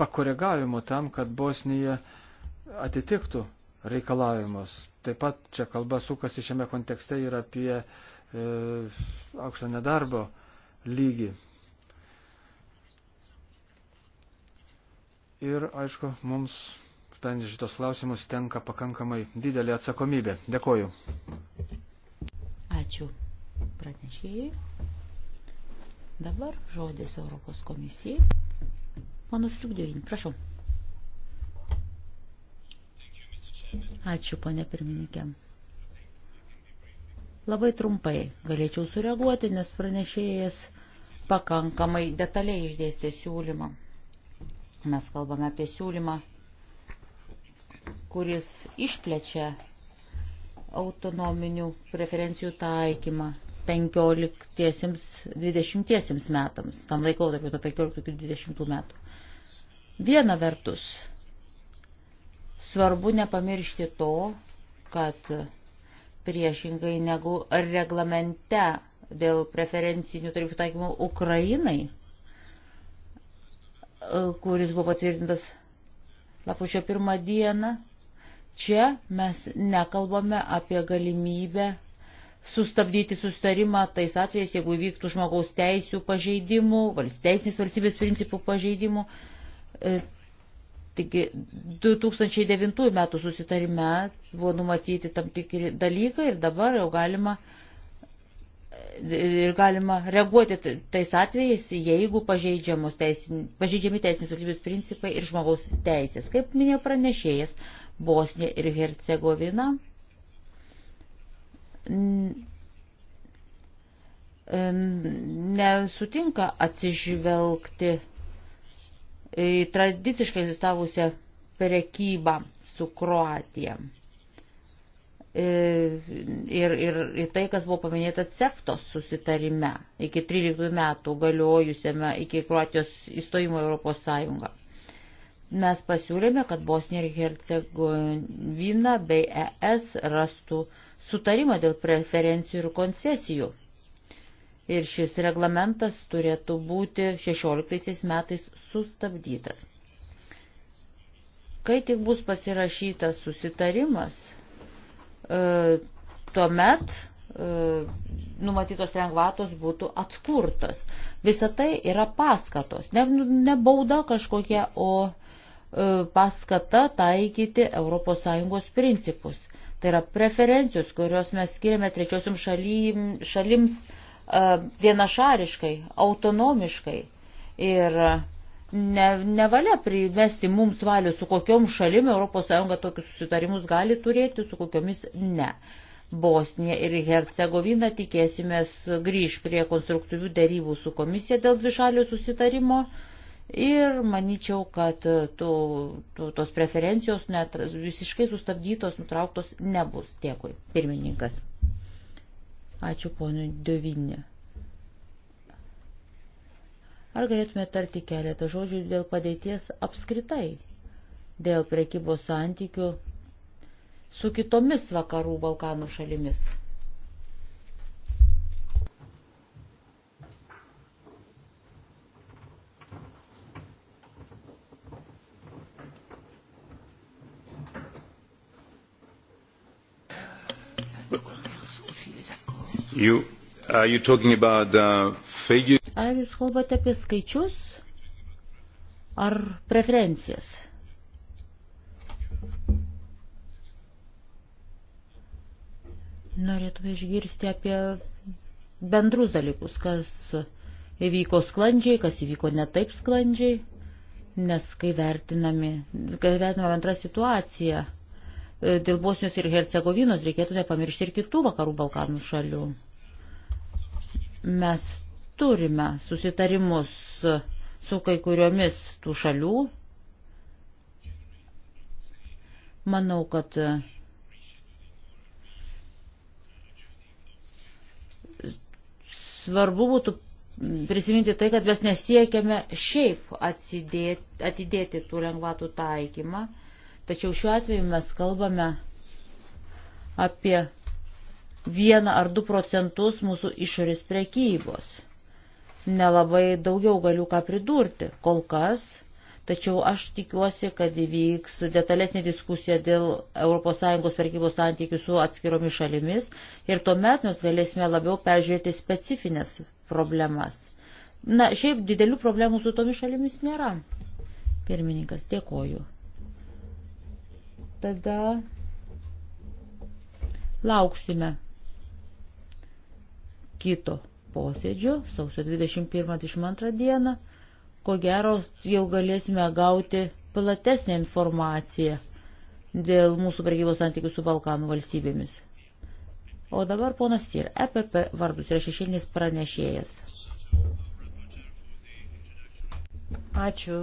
pakoregavimų tam, kad Bosnija atitiktų reikalavimus. Taip pat čia kalba sukasi šiame kontekste ir apie e, aukštą nedarbo lygį. Ir aišku, mums sprendžiant šitos klausimus, tenka pakankamai didelė atsakomybė. Dėkoju. Ačiū pranešėjai. Dabar žodis Europos komisijai. Panas Liukdėvin, prašau. Ačiū, ponė pirmininkė. Labai trumpai galėčiau sureaguoti, nes pranešėjas pakankamai detaliai išdėstė siūlymą. Mes kalbame apie siūlymą kuris išplečia autonominių preferencijų taikymą 15-20 metams, tam laikotarpiu nuo 15-20 metų. Viena vertus, svarbu nepamiršti to, kad priešingai negu reglamente dėl preferencinių tarifų taikymo Ukrainai, kuris buvo patvirtintas lapučio pirmą dieną. Čia mes nekalbame apie galimybę sustabdyti sustarimą tais atvejais, jeigu įvyktų žmogaus teisų pažeidimų, teisinės valstybės principų pažeidimų. E, taigi 2009 metų susitarime buvo numatyti tam tikri dalykai ir dabar jau galima uh, ir galima reaguoti tais atvejais, jeigu teisin, pažeidžiami teisinės valstybės principai ir žmogaus teisės. Kaip minėjo pranešėjas, Bosnija ir Hercegovina nesutinka atsižvelgti į tradiciškai egzistavusią prekybą su Kroatija. E, ir, ir, ir tai, kas buvo paminėta CEFTOS susitarime iki 13 metų galiojusiame iki Kroatijos įstojimo Europos Sąjungą. Mes pasiūlėme, kad Bosnija ir Hercegovina bei ES rastų sutarimą dėl preferencijų ir koncesijų. Ir šis reglamentas turėtų būti 16 metais sustabdytas. Kai tik bus pasirašytas susitarimas, E, tuomet e, numatytos lengvatos būtų atkurtos. Visa tai yra paskatos, ne, nu, ne bauda kažkokia, o e, paskata taikyti ES principus. Tai yra preferencijos, kurios mes skiriame trečiosiam šalim, šalims vienašariškai, autonomiškai. Ir uh, ne, nevalia primesti mums valių, su kokiom šalim ES tokius susitarimus gali turėti, su kokiomis ne. Bosnija ir Hercegovina tikėsimės grįž prie konstruktyvių dėrybų su komisija dėl dvišalių susitarimo ir manyčiau, kad to, to, tos preferencijos net visiškai sustabdytos, nutrauktos nebus. Dėkui, pirmininkas. Ačiū ponui Devinė. Ar galėtume tarti keletą žodžių dėl padėties apskritai, dėl prekybos santykių su kitomis vakarų Balkanų šalimis? You, are you talking about uh, figures. Ar jūs kalbate apie skaičius ar preferencijas? Norėtume išgirsti apie bendrus dalykus, kas įvyko sklandžiai, kas įvyko ne taip sklandžiai, nes kai vertinami, kai vertiname antrą situaciją, e, dėl Bosnios ir Hercegovinos reikėtų nepamiršti ir kitų vakarų Balkanų šalių. Mes Turime susitarimus su kai kuriomis tų šalių. Manau, kad svarbu būtų prisiminti tai, kad mes nesiekiame šiaip atsidėti, atidėti tų lengvatų taikymą, tačiau šiuo atveju mes kalbame apie vieną ar du procentus mūsų išorės prekybos nelabai daugiau galiu ką pridurti kol kas, tačiau aš tikiuosi, kad įvyks detalesnė diskusija dėl ES verkybos santykių su atskiromis šalimis ir tuomet mes galėsime labiau peržiūrėti specifines problemas. Na, šiaip didelių problemų su tomis šalimis nėra. Pirmininkas, dėkoju. Tada lauksime kito posėdžio, sausio 21-22 dieną, ko gero jau galėsime gauti platesnę informaciją dėl mūsų prekybos santykių su Balkanų valstybėmis. O dabar ponas Tyr, EPP vardus yra šešėlinis pranešėjas. Ačiū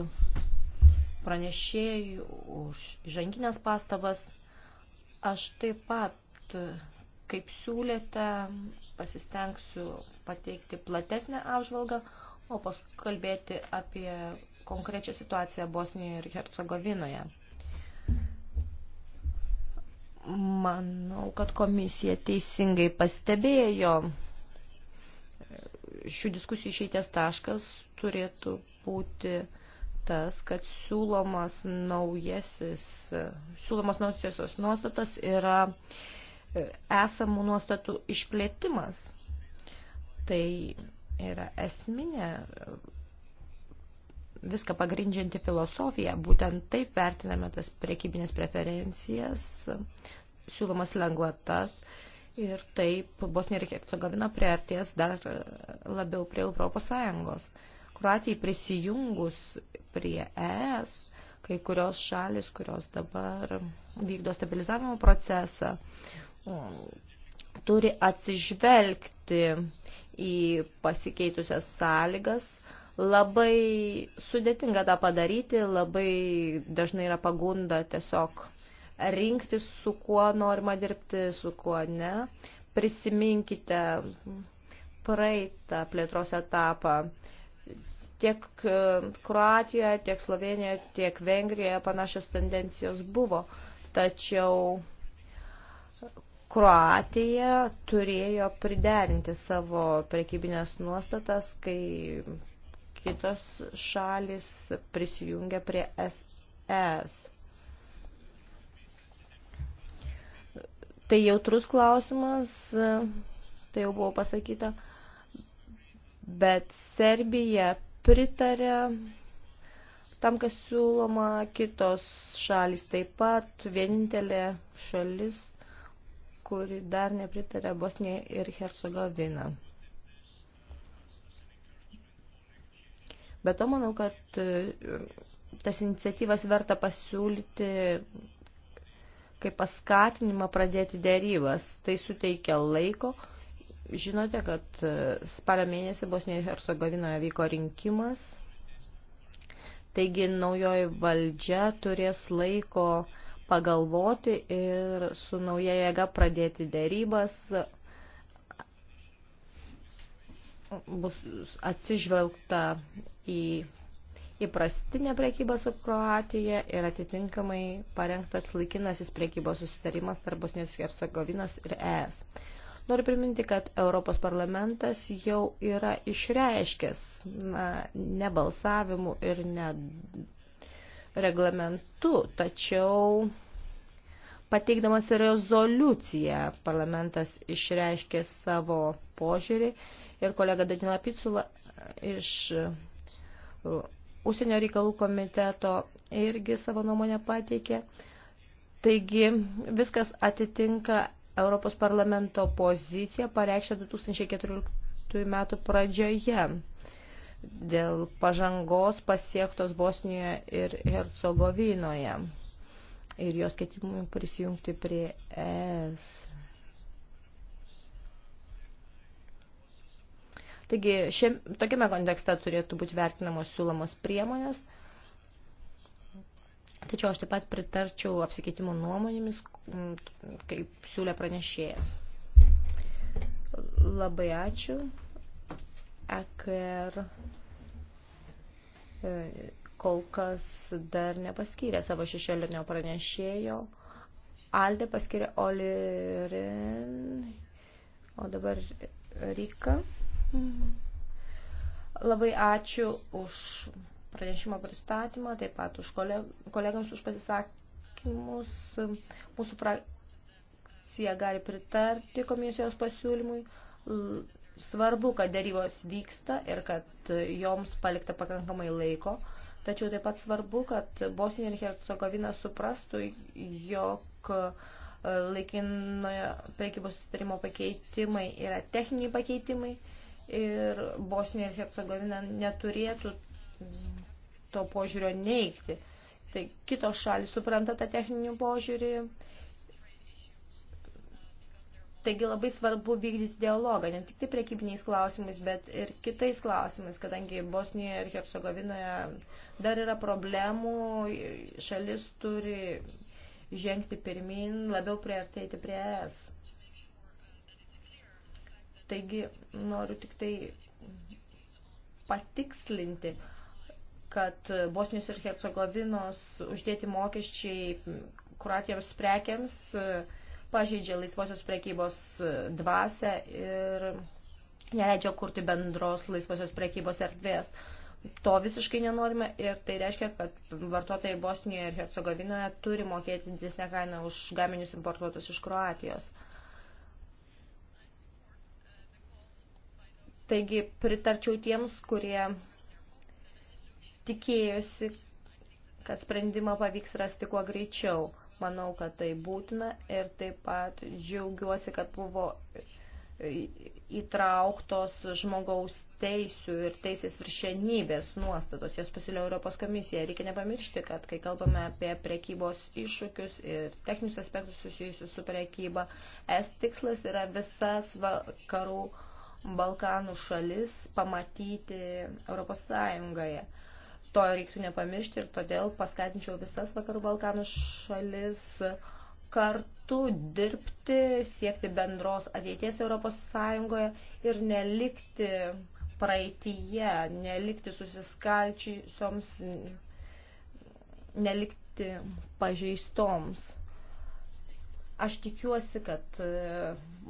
pranešėjui už žanginės pastabas. Aš taip pat kaip siūlėte, pasistengsiu pateikti platesnę apžvalgą, o paskui kalbėti apie konkrečią situaciją Bosnijoje ir Hercegovinoje. Manau, kad komisija teisingai pastebėjo, šių diskusijų išeities taškas turėtų būti tas, kad siūlomas naujasis, siūlomas naujasios nuostatos yra uh, esamų nuostatų išplėtimas. Tai yra esminė viską pagrindžianti filosofija. Būtent taip vertiname tas priekybinės preferencijas, siūlomas lengvatas ir taip Bosnija ir Hercegovina priartės dar labiau prie Europos Sąjungos. Kroatijai prisijungus prie ES, kai kurios šalis, kurios dabar vykdo stabilizavimo procesą, turi atsižvelgti į pasikeitusias sąlygas. Labai sudėtinga tą padaryti, labai dažnai yra pagunda tiesiog rinktis, su kuo norima dirbti, su kuo ne. Prisiminkite praeitą plėtros etapą. Tiek e, Kroatijoje, tiek Slovenijoje, tiek Vengrijoje panašios tendencijos buvo. Tačiau Kroatija turėjo priderinti savo prekybinės nuostatas, kai kitos šalis prisijungia prie SS. E tai jautrus klausimas, tai jau buvo pasakyta, bet Serbija pritarė tam, kas siūloma, kitos šalis taip pat, vienintelė šalis kuri dar nepritarė Bosnija ir Hercegovina. Bet to manau, kad e, tas iniciatyvas verta pasiūlyti kaip paskatinimą pradėti dėrybas. Tai suteikia laiko. Žinote, kad e, spalio mėnesį Bosnijoje ir Hercegovinoje vyko rinkimas. Taigi naujoji valdžia turės laiko uh, pagalvoti ir su nauja jėga pradėti dėrybas. Bus atsižvelgta į įprastinę prekybą su Kroatija ir atitinkamai parengtas laikinasis prekybos susitarimas tarp Bosnijos ir Hercegovinos ir ES. Noriu priminti, kad Europos parlamentas jau yra išreiškęs na, ne balsavimu ir ne reglamentu, tačiau pateikdamas rezoliuciją parlamentas išreiškė savo požiūrį ir kolega Datina Picula iš uh, Užsienio reikalų komiteto irgi savo nuomonę pateikė. Taigi viskas atitinka Europos parlamento poziciją pareikštą 2014 metų pradžioje dėl pažangos pasiektos Bosnijoje ir Hercegovinoje ir jos ketimų prisijungti prie ES. Taigi, šiam, tokiame kontekste turėtų būti vertinamos siūlomos priemonės. Tačiau aš taip pat pritarčiau apsikeitimo nuomonėmis, kaip siūlė pranešėjas. Labai ačiū. EKR e, kol kas dar nepaskyrė savo šešėlinio pranešėjo. Aldė paskyrė Olirin, o dabar Rika. Labai ačiū už pranešimo pristatymą, taip pat už koleg kolegams už pasisakymus. Mūsų frakcija gali pritarti komisijos pasiūlymui Svarbu, kad dėrybos vyksta ir kad joms palikta pakankamai laiko, tačiau taip pat svarbu, kad Bosnija ir Hercegovina suprastų, jog e, laikinojo prekybos sustarimo pakeitimai yra techniniai pakeitimai ir Bosnija ir Hercegovina neturėtų to požiūrio neikti. Tai kitos šalis supranta tą techninį požiūrį Taigi labai svarbu vykdyti dialogą, ne tik tai priekybiniais klausimais, bet ir kitais klausimais, kadangi Bosnijoje ir Hercegovinoje dar yra problemų, šalis turi žengti pirmin, labiau priartėti prie ES. Taigi noriu tik tai patikslinti, kad Bosnijos ir Hercegovinos uždėti mokesčiai Kroatijos prekiams uh, pažeidžia laisvosios prekybos e, dvasę ir neleidžia kurti bendros laisvosios prekybos erdvės. To visiškai nenorime ir tai reiškia, kad vartotojai Bosnijoje ir Hercegovinoje turi mokėti didesnę kainą už gaminius importuotus iš Kroatijos. Taigi pritarčiau tiems, kurie tikėjosi, kad sprendimą pavyks rasti kuo greičiau. Manau, kad tai būtina ir taip pat džiaugiuosi, kad buvo įtrauktos žmogaus teisų ir teisės viršenybės nuostatos. Jas pasiūlė Europos komisija. Reikia nepamiršti, kad kai kalbame apie prekybos iššūkius ir techninius aspektus susijusius su prekyba, es tikslas yra visas vakarų Balkanų šalis pamatyti Europos Sąjungoje. Uh, To reiktų nepamiršti ir todėl paskatinčiau visas Vakarų Balkanų šalis kartu dirbti, siekti bendros ateities Europos Sąjungoje ir nelikti praeitįje, nelikti susiskalčiusioms, nelikti pažeistoms. Aš tikiuosi, kad e,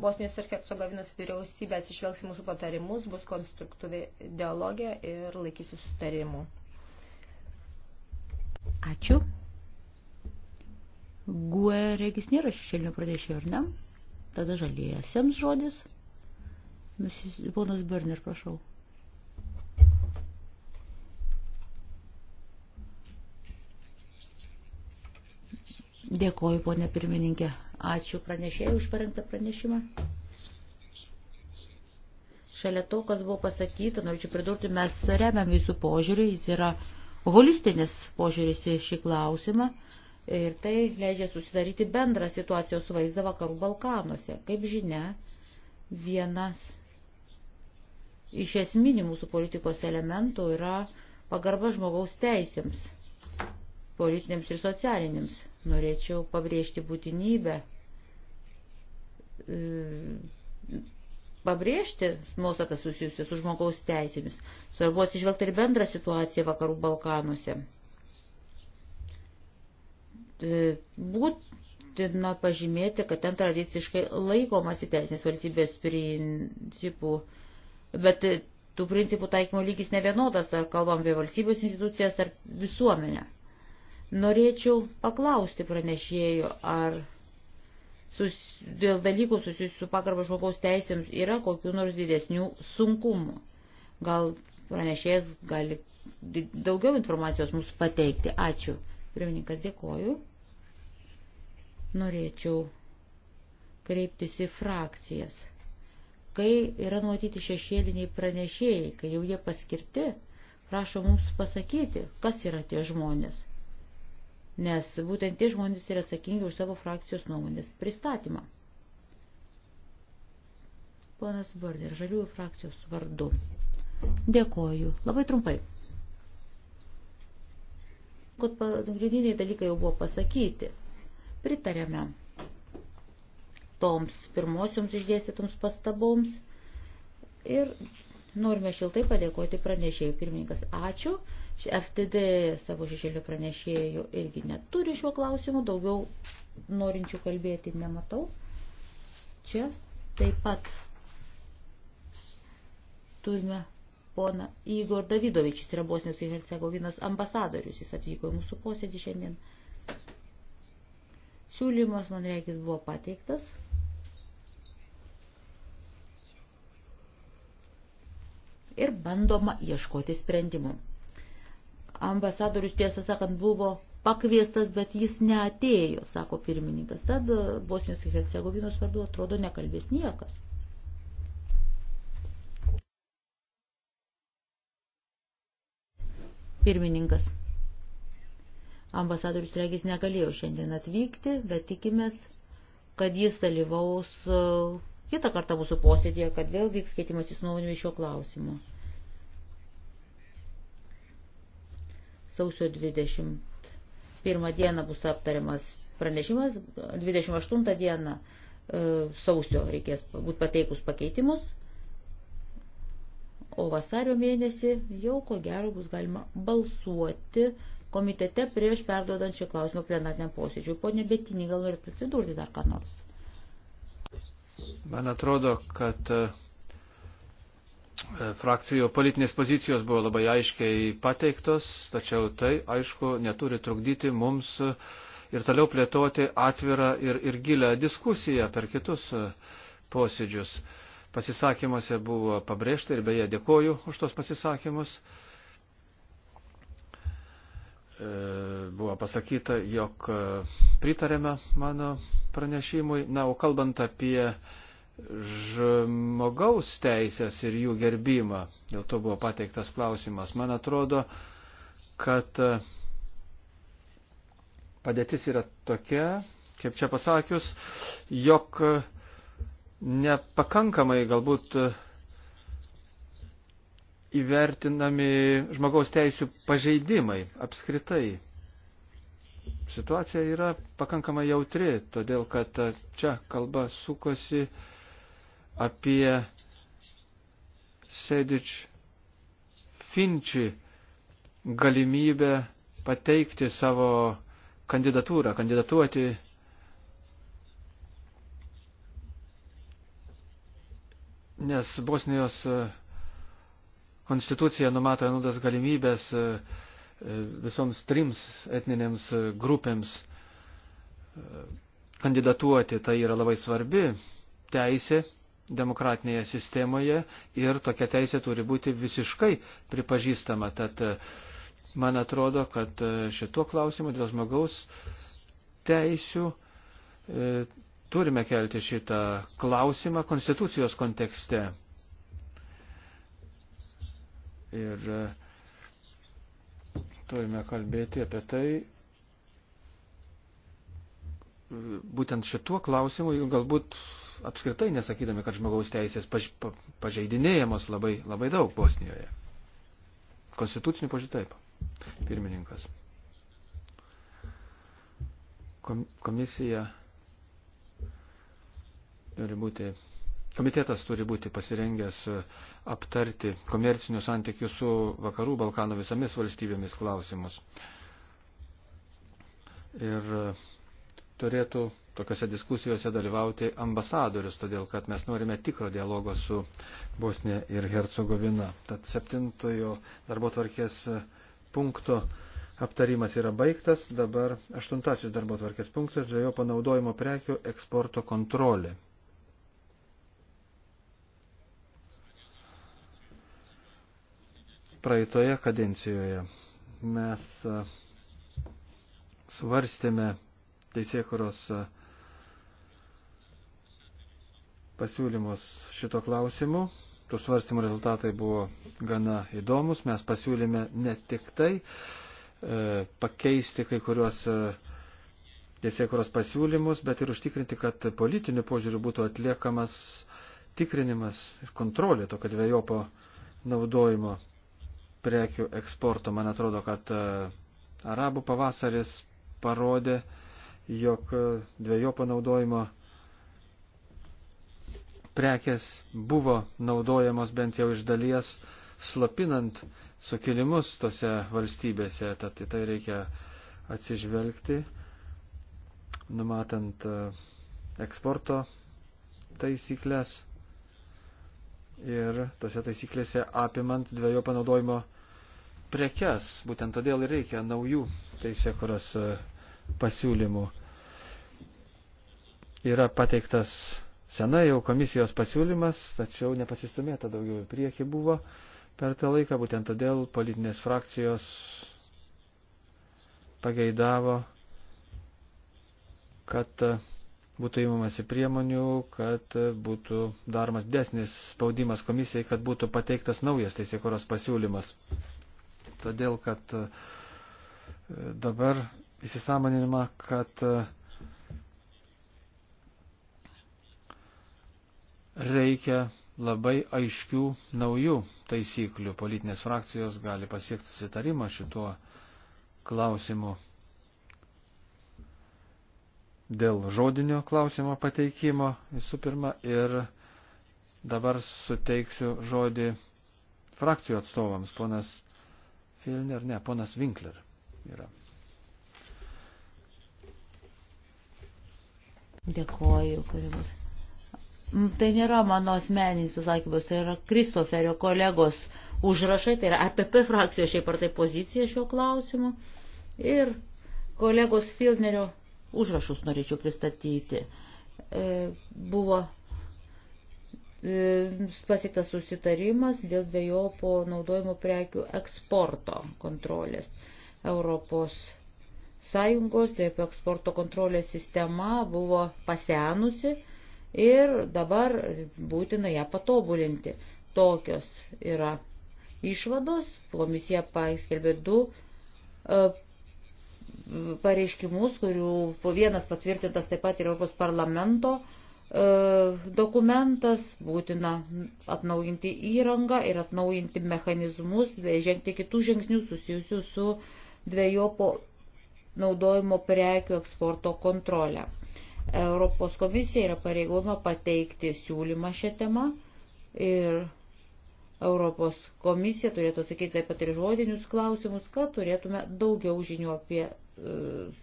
Bosnijos ir Hercegovinos vyriausybė atsižvelgs į mūsų patarimus, bus konstruktyvi dialogė ir laikysi sustarimų. Ačiū. Gue regis nėra šešėlinio pradėšio, ar ne? Tada žaliesiems žodis. Ponas Berner, prašau. Dėkoju, ponė pirmininkė. Ačiū pranešėjai už parengtą pranešimą. Šalia to, kas buvo pasakyta, norėčiau pridurti, mes remiam jūsų požiūrį, jis yra uh, holistinis požiūris į šį klausimą ir tai leidžia susidaryti bendrą situacijos vaizdą vakarų Balkanuose. Kaip žinia, vienas iš esminių mūsų politikos elementų yra pagarba žmogaus teisėms, politinėms ir socialinėms. Norėčiau pabrėžti būtinybę e, pabrėžti nuostatas susijusias su žmogaus teisėmis. Svarbu atsižvelgti ir bendrą situaciją vakarų Balkanuose. E, būtina pažymėti, kad ten tradiciškai laikomasi teisinės valstybės principų, bet tų principų taikymo lygis nevienodas, ar kalbam apie valstybės institucijas ar visuomenę. Norėčiau paklausti pranešėjų, ar sus, dėl dalykų susijusių su pagarba žmogaus teisėms yra kokiu nors didesnių sunkumų. Gal pranešėjas gali daugiau informacijos mums pateikti. Ačiū. Pirmininkas, dėkoju. Norėčiau kreiptis į frakcijas. Kai yra nuotyti šešėliniai pranešėjai, kai jau jie paskirti, prašo mums pasakyti, kas yra tie žmonės nes būtent tie žmonės yra atsakingi už savo frakcijos nuomonės pristatymą. Ponas Barder, žaliųjų frakcijos vardu. Dėkoju. Labai trumpai. Kad pagrindiniai dalykai jau buvo pasakyti. Pritarėme toms pirmosioms išdėstytoms pastaboms ir norime šiltai padėkoti pranešėjų pirmininkas. Ačiū. FTD savo šešėlio pranešėjų irgi neturi šiuo klausimu, daugiau norinčių kalbėti nematau. Čia taip pat turime poną Igor Davidovič, jis yra Bosnijos ir Hercegovinos ambasadorius, jis atvyko į mūsų posėdį šiandien. Siūlymas, man reikis, buvo pateiktas. Ir bandoma ieškoti sprendimų. Ambasadorius, tiesą sakant, buvo pakviestas, bet jis neatėjo, sako pirmininkas. Tad Bosnijos ir Hercegovinos vardu atrodo nekalbės niekas. Pirmininkas. Ambasadorius Regis negalėjo šiandien atvykti, bet tikimės, kad jis dalyvaus e, kitą kartą mūsų posėdėje, kad vėl vyks keitimasis nuomonėmis šiuo klausimu. Sausio 21 dieną bus aptariamas pranešimas, 28 dieną e, sausio reikės būti pateikus pakeitimus, o vasario mėnesį jau ko gero bus galima balsuoti komitete prieš perduodant šį klausimą plenatiniam posėdžiui. Pone Betinį, gal norit pridurti dar ką nors? Man atrodo, kad uh E, frakcijų politinės pozicijos buvo labai aiškiai pateiktos, tačiau tai, aišku, neturi trukdyti mums ir toliau plėtoti atvirą ir, ir gilę diskusiją per kitus e, posėdžius. Pasisakymuose buvo pabrėžta ir beje dėkoju už tos pasisakymus. E, buvo pasakyta, jog pritarėme mano pranešimui. Na, o kalbant apie žmogaus teisės ir jų gerbimą. Dėl to buvo pateiktas klausimas. Man atrodo, kad e, padėtis yra tokia, kaip čia pasakius, jog e, nepakankamai galbūt e, įvertinami žmogaus teisų pažeidimai apskritai. Situacija yra pakankamai jautri, todėl kad čia kalba sukosi uh, apie Sedič Finči galimybę pateikti savo kandidatūrą, kandidatuoti nes Bosnijos e, konstitucija numato vienodas galimybės e, e, visoms trims etninėms grupėms kandidatuoti. Tai yra labai svarbi teisė demokratinėje sistemoje ir tokia teisė turi būti visiškai pripažįstama. Tad e, man atrodo, kad e, šituo klausimu dėl žmogaus teisių e, turime kelti šitą klausimą konstitucijos kontekste. Ir e, turime kalbėti apie tai, e, būtent šituo klausimu, galbūt apskritai nesakydami, kad žmogaus teisės paž, pa, pažeidinėjamos labai, labai daug Bosnijoje. Konstitucinių požiūrį taip. Pirmininkas. Kom, komisija turi būti, komitetas turi būti pasirengęs aptarti komercinių santykių su Vakarų Balkano visomis valstybėmis klausimus. Ir turėtų tokiuose diskusijose dalyvauti ambasadorius, todėl kad mes norime tikro dialogo su Bosnija ir Hercegovina. Tad septintojo darbo tvarkės e, punkto aptarimas yra baigtas, dabar aštuntasis darbo tvarkės punktas - žvejo panaudojimo prekių eksporto kontrolė. Praeitoje kadencijoje mes e, svarstėme teisėkuros e, pasiūlymus šito klausimu. Tų svarstymų rezultatai buvo gana įdomus. Mes pasiūlėme ne tik tai e, pakeisti kai kuriuos e, teisėkuros pasiūlymus, bet ir užtikrinti, kad politiniu požiūriu būtų atliekamas tikrinimas ir kontrolė to, kad vėjopo naudojimo prekių eksporto. Man atrodo, kad e, arabų pavasaris parodė, jog e, dviejopo naudojimo prekės buvo naudojamos bent jau iš dalies slopinant sukilimus tose valstybėse, tad į tai reikia atsižvelgti, numatant e, eksporto taisyklės ir tose taisyklėse apimant dviejų panaudojimo prekes. Būtent todėl ir reikia naujų teisėkuros e, pasiūlymų. Yra pateiktas senai jau komisijos pasiūlymas, tačiau nepasistumėta daugiau į priekį buvo per tą laiką, būtent todėl politinės frakcijos pageidavo, kad būtų įmamasi priemonių, kad būtų daromas desnis spaudimas komisijai, kad būtų pateiktas naujas teisėkuros pasiūlymas. Todėl, kad e, dabar įsisamoninimą, kad e, reikia labai aiškių naujų taisyklių. Politinės frakcijos gali pasiekti susitarimą šituo klausimu. Dėl žodinio klausimo pateikimo visų pirma ir dabar suteiksiu žodį frakcijų atstovams. Ponas Filner, ne, ponas Winkler yra. Dėkoju, kūrimas. Tai nėra mano asmeninis pasakymas, tai yra Kristoferio kolegos užrašai, tai yra APP frakcijos šiaip ar tai pozicija šiuo klausimu. Ir kolegos Filnerio užrašus norėčiau pristatyti. E, buvo e, pasiektas susitarimas dėl dviejopo naudojimo prekių eksporto kontrolės. Europos Sąjungos taip eksporto kontrolės sistema buvo pasenusi ir dabar būtina ją patobulinti. Tokios yra išvados. Komisija paskelbė du e, pareiškimus, kurių vienas patvirtintas taip pat ir Europos parlamento e, dokumentas, būtina atnaujinti įrangą ir atnaujinti mechanizmus, bei žengti kitų žingsnių susijusių su dviejopo naudojimo prekių eksporto kontrolę. Europos komisija yra pareigoma pateikti siūlymą šią temą ir Europos komisija turėtų atsakyti taip pat ir žodinius klausimus, kad turėtume daugiau žinių apie e,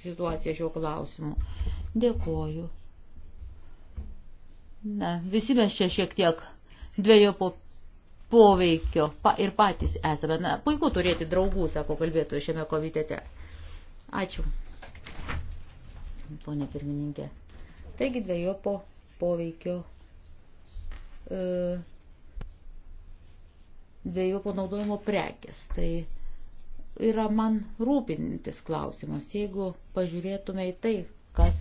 situaciją šio klausimu. Dėkoju. Na, visi mes čia šiek tiek dviejo po poveikio pa, ir patys esame. Na, puiku turėti draugų, sako kalbėtojų šiame komitete. Ačiū. Pone pirmininkė. Taigi dviejopo poveikio, e, dviejopo naudojimo prekės. Tai yra man rūpintis klausimas, jeigu pažiūrėtume į tai, kas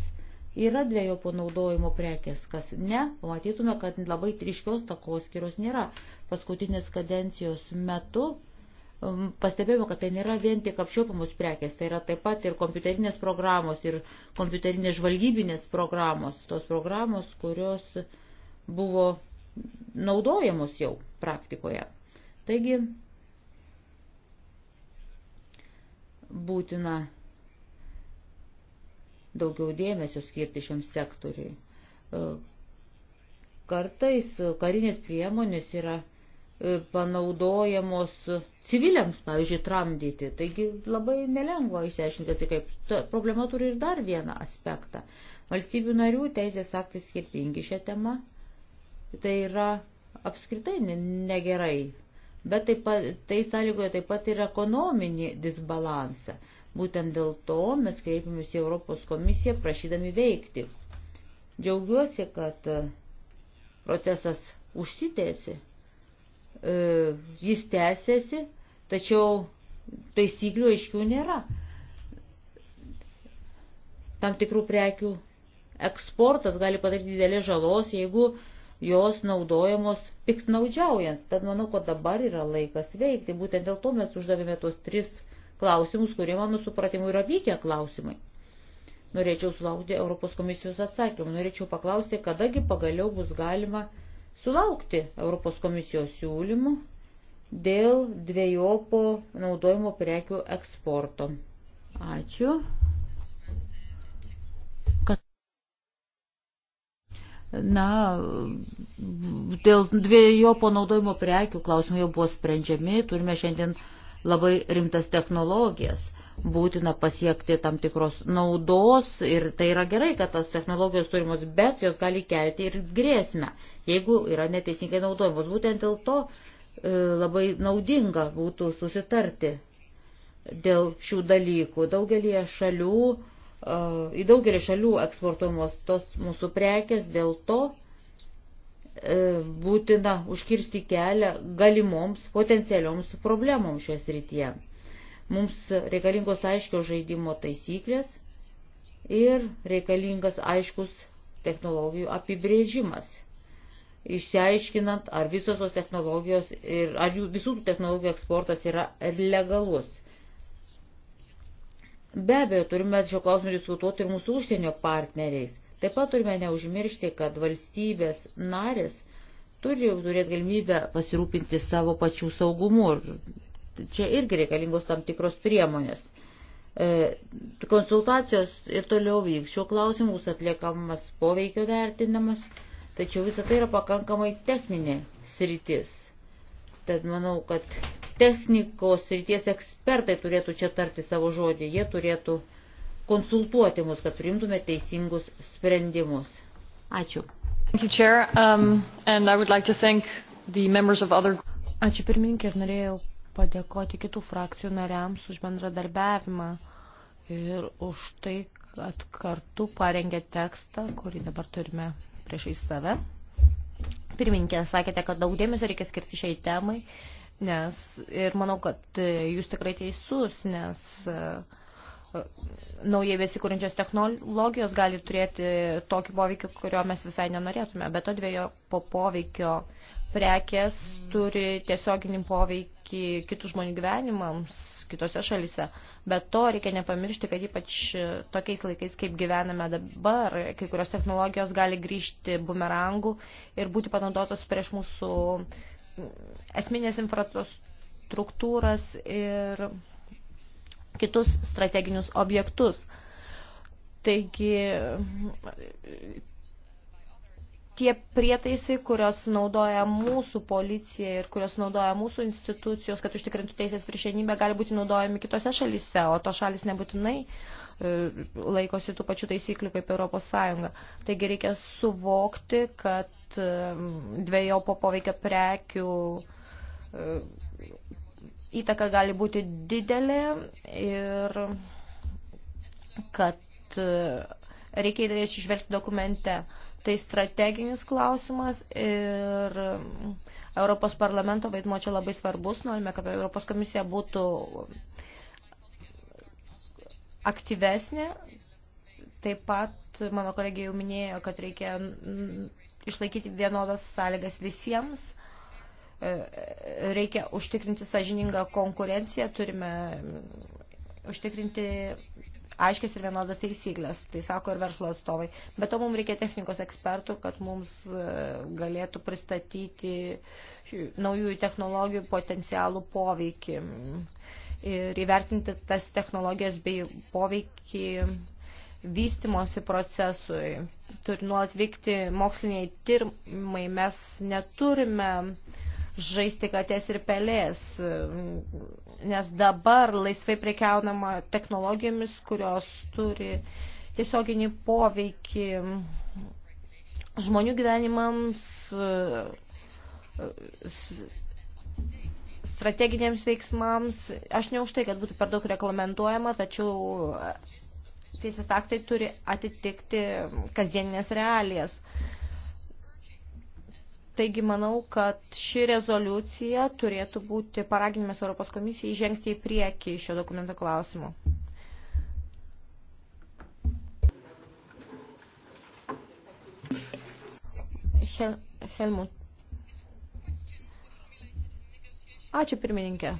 yra dviejopo naudojimo prekės, kas ne, matytume, kad labai triškios takos skiros nėra. Paskutinės kadencijos metu Um, pastebėjome, kad tai nėra vien tik apčiopiamus prekės, tai yra taip pat ir kompiuterinės programos ir kompiuterinės žvalgybinės programos, tos programos, kurios buvo naudojamos jau praktikoje. Taigi būtina daugiau dėmesio skirti šiam sektoriui. Uh, kartais karinės priemonės yra E, panaudojamos civiliams, pavyzdžiui, tramdyti. Taigi labai nelengva išsiaiškinti, kaip Ta problema turi ir dar vieną aspektą. Valstybių narių teisės aktai skirtingi šią temą. Tai yra apskritai negerai. Bet taip pat, tai sąlygoje taip pat ir ekonominį disbalansą. Būtent dėl to mes kreipiamės į Europos komisiją prašydami veikti. Džiaugiuosi, kad e, procesas užsitėsi E, jis tęsiasi, tačiau taisyklių aiškių nėra. Tam tikrų prekių eksportas gali padaryti didelės žalos, jeigu jos naudojamos piktnaudžiaujant. Tad manau, kad dabar yra laikas veikti. Būtent dėl to mes uždavėme tuos tris klausimus, kurie mano supratimu yra vykę klausimai. Norėčiau sulaukti Europos komisijos atsakymą. Norėčiau paklausti, kadagi pagaliau bus galima sulaukti Europos komisijos siūlymų dėl dviejopo naudojimo prekių eksporto. Ačiū. Na, dėl dviejų panaudojimo prekių klausimai jau buvo sprendžiami, turime šiandien labai rimtas technologijas būtina pasiekti tam tikros naudos ir tai yra gerai, kad tos technologijos turimos, bet jos gali kelti ir grėsmę, jeigu yra neteisingai naudojamos. Būtent dėl to e, labai naudinga būtų susitarti dėl šių dalykų. Daugelį šalių, e, į daugelį šalių eksportuojamos tos mūsų prekes dėl to, e, būtina užkirsti kelią galimoms potencialioms problemoms šioje srityje. Mums reikalingos aiškios žaidimo taisyklės ir reikalingas aiškus technologijų apibrėžimas. Išsiaiškinant, ar visos tos technologijos ir ar jų, visų technologijų eksportas yra legalus. Be abejo, turime šio klausimu diskutuoti ir mūsų užsienio partneriais. Taip pat turime neužmiršti, kad valstybės narės turi turėti galimybę pasirūpinti savo pačių saugumu ir čia irgi reikalingos tam tikros priemonės. E, konsultacijos ir toliau vyks šiuo klausimu, bus atliekamas poveikio vertinamas, tačiau visa tai yra pakankamai techninė sritis. Tad manau, kad technikos srities ekspertai turėtų čia tarti savo žodį, jie turėtų konsultuoti mus, kad priimtume teisingus sprendimus. Ačiū. Thank you, Chair, um, and I would like to thank the members of other... Ačiū pirmininkė ir norėjau padėkoti kitų frakcijų nariams už bendradarbiavimą ir už tai, kad kartu parengė tekstą, kurį dabar turime priešai save. Pirminkė, sakėte, kad daug dėmesio reikia skirti šiai temai, nes ir manau, kad e, jūs tikrai teisus, nes e, naujai besikūrinčios technologijos gali turėti tokį poveikį, kurio mes visai nenorėtume, bet to dviejų po poveikio prekės turi tiesioginį poveikį kitų žmonių gyvenimams kitose šalise. Bet to reikia nepamiršti, kad ypač tokiais laikais, kaip gyvename dabar, kai kurios technologijos gali grįžti bumerangų ir būti panaudotos prieš mūsų esminės infrastruktūras ir kitus strateginius objektus. Taigi tie prietaisai, kurios naudoja mūsų policija ir kurios naudoja mūsų institucijos, kad užtikrintų teisės viršenybę, gali būti naudojami kitose šalyse, o to šalis nebūtinai e, laikosi tų pačių taisyklių kaip Europos Sąjunga. Taigi reikia suvokti, kad e, dviejopo poveikio prekių e, įtaka gali būti didelė ir kad reikia išvelgti tai dokumente. Tai strateginis klausimas ir Europos parlamento vaidmo čia labai svarbus. Norime, kad Europos komisija būtų aktyvesnė. Taip pat mano kolegija jau minėjo, kad reikia išlaikyti vienodas sąlygas visiems. Reikia užtikrinti sažiningą konkurenciją, turime užtikrinti aiškės ir vienodas taisyklės, tai sako ir verslo atstovai. Bet to mums reikia technikos ekspertų, kad mums e, galėtų pristatyti naujųjų technologijų potencialų poveikį ir įvertinti tas technologijas bei poveikį vystimosi procesui. Turi nuolat vykti moksliniai tyrimai, mes neturime uh, žaisti katės ir pelės, nes dabar laisvai prekiaunama technologijomis, kurios turi tiesioginį poveikį žmonių gyvenimams, strateginiams veiksmams. Aš ne už tai, kad būtų per daug reglamentuojama, tačiau teisės aktai turi atitikti kasdieninės realijas. Taigi manau, kad ši rezoliucija turėtų būti paraginimas Europos komisijai žengti į priekį šio dokumento klausimu. Hel Helmut. Ačiū pirmininkė.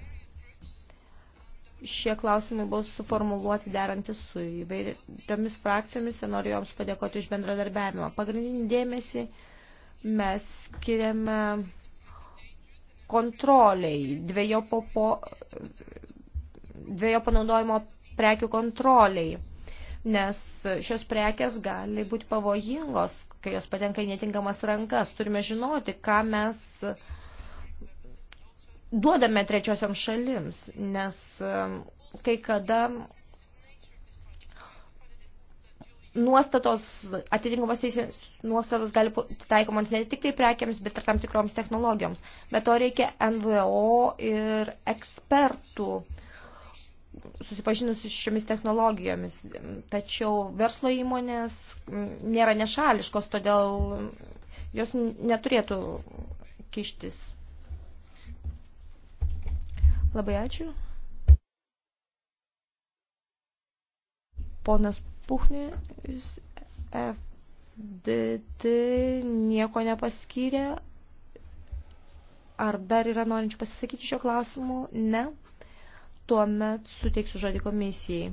Šie klausimai buvo suformuluoti derantis su įvairiomis frakcijomis ir noriu joms padėkoti už bendradarbiavimą. Pagrindinį dėmesį uh, mes skiriame kontroliai, dviejopo, po, dviejo panaudojimo prekių kontroliai, nes šios prekės gali būti pavojingos, kai jos patenka į netinkamas rankas. Turime žinoti, ką mes duodame trečiosiam šalims, nes um, kai kada nuostatos, atitinkamos teisės nuostatos gali būti taikomos ne tik tai prekiams, bet ir tam tikroms technologijoms. Bet to reikia NVO ir ekspertų susipažinusi šiomis technologijomis. Tačiau verslo įmonės nėra nešališkos, todėl jos neturėtų kištis. Labai ačiū. Ponas Puchnis FDD nieko nepaskyrė. Ar dar yra norinčių pasisakyti šio klausimu? Ne. Tuomet suteiksiu žodį komisijai.